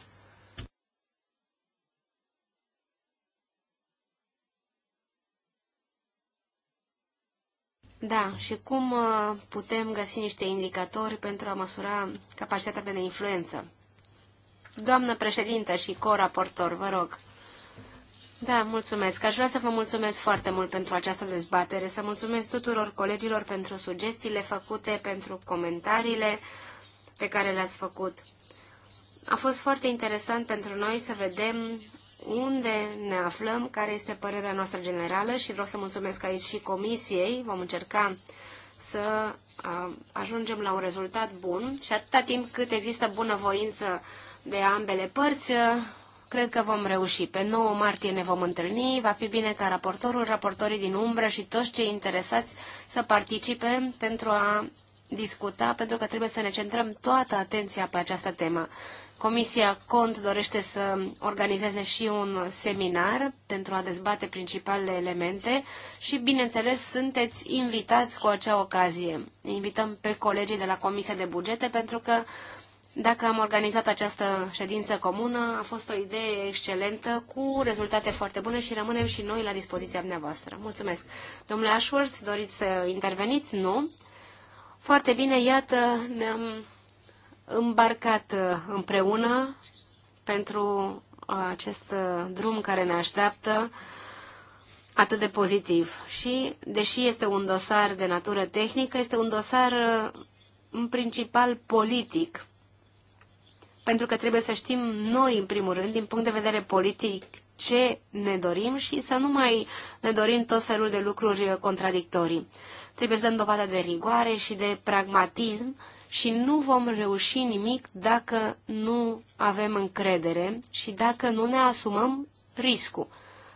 Da, și cum uh, putem găsi niște indicatori pentru a măsura capacitatea de influență? Doamnă președintă și co-raportor, vă rog. Da, mulțumesc. Aș vrea să vă mulțumesc foarte mult pentru această dezbatere, să mulțumesc tuturor colegilor pentru sugestiile făcute, pentru comentariile pe care le-ați făcut. A fost foarte interesant pentru noi să vedem unde ne aflăm, care este părerea noastră generală și vreau să mulțumesc aici și comisiei. Vom încerca să ajungem la un rezultat bun și atâta timp cât există bună voință de ambele părți, Cred că vom reuși. Pe 9 martie ne vom întâlni. Va fi bine ca raportorul, raportorii din umbră și toți cei interesați să participe pentru a discuta, pentru că trebuie să ne centrăm toată atenția pe această temă. Comisia Cont dorește să organizeze și un seminar pentru a dezbate principalele elemente și, bineînțeles, sunteți invitați cu acea ocazie. Invităm pe colegii de la Comisia de Bugete pentru că dacă am organizat această ședință comună, a fost o idee excelentă, cu rezultate foarte bune și rămânem și noi la dispoziția dumneavoastră. Mulțumesc. Domnule Ashworth, doriți să interveniți? Nu. Foarte bine, iată, ne-am îmbarcat uh, împreună pentru uh, acest uh, drum care ne așteaptă atât de pozitiv. Și, deși este un dosar de natură tehnică, este un dosar în principal politic pentru că trebuie să știm noi, în primul rând, din punct de vedere politic, ce ne dorim și să nu mai ne dorim tot felul de lucruri contradictorii. Trebuie să dăm dovadă de rigoare și de pragmatism și nu vom reuși nimic dacă nu avem încredere și dacă nu ne asumăm riscul.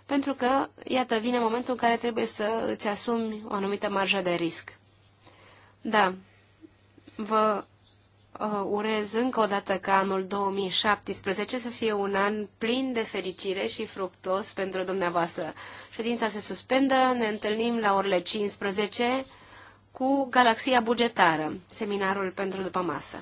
Pentru că, iată, vine momentul în care trebuie să îți asumi o anumită marjă de risc. Da, vă Uh, urez încă o dată ca anul 2017 să fie un an plin de fericire și fructos pentru dumneavoastră. Ședința se suspendă, ne întâlnim la orele 15 cu Galaxia Bugetară, seminarul pentru după masă.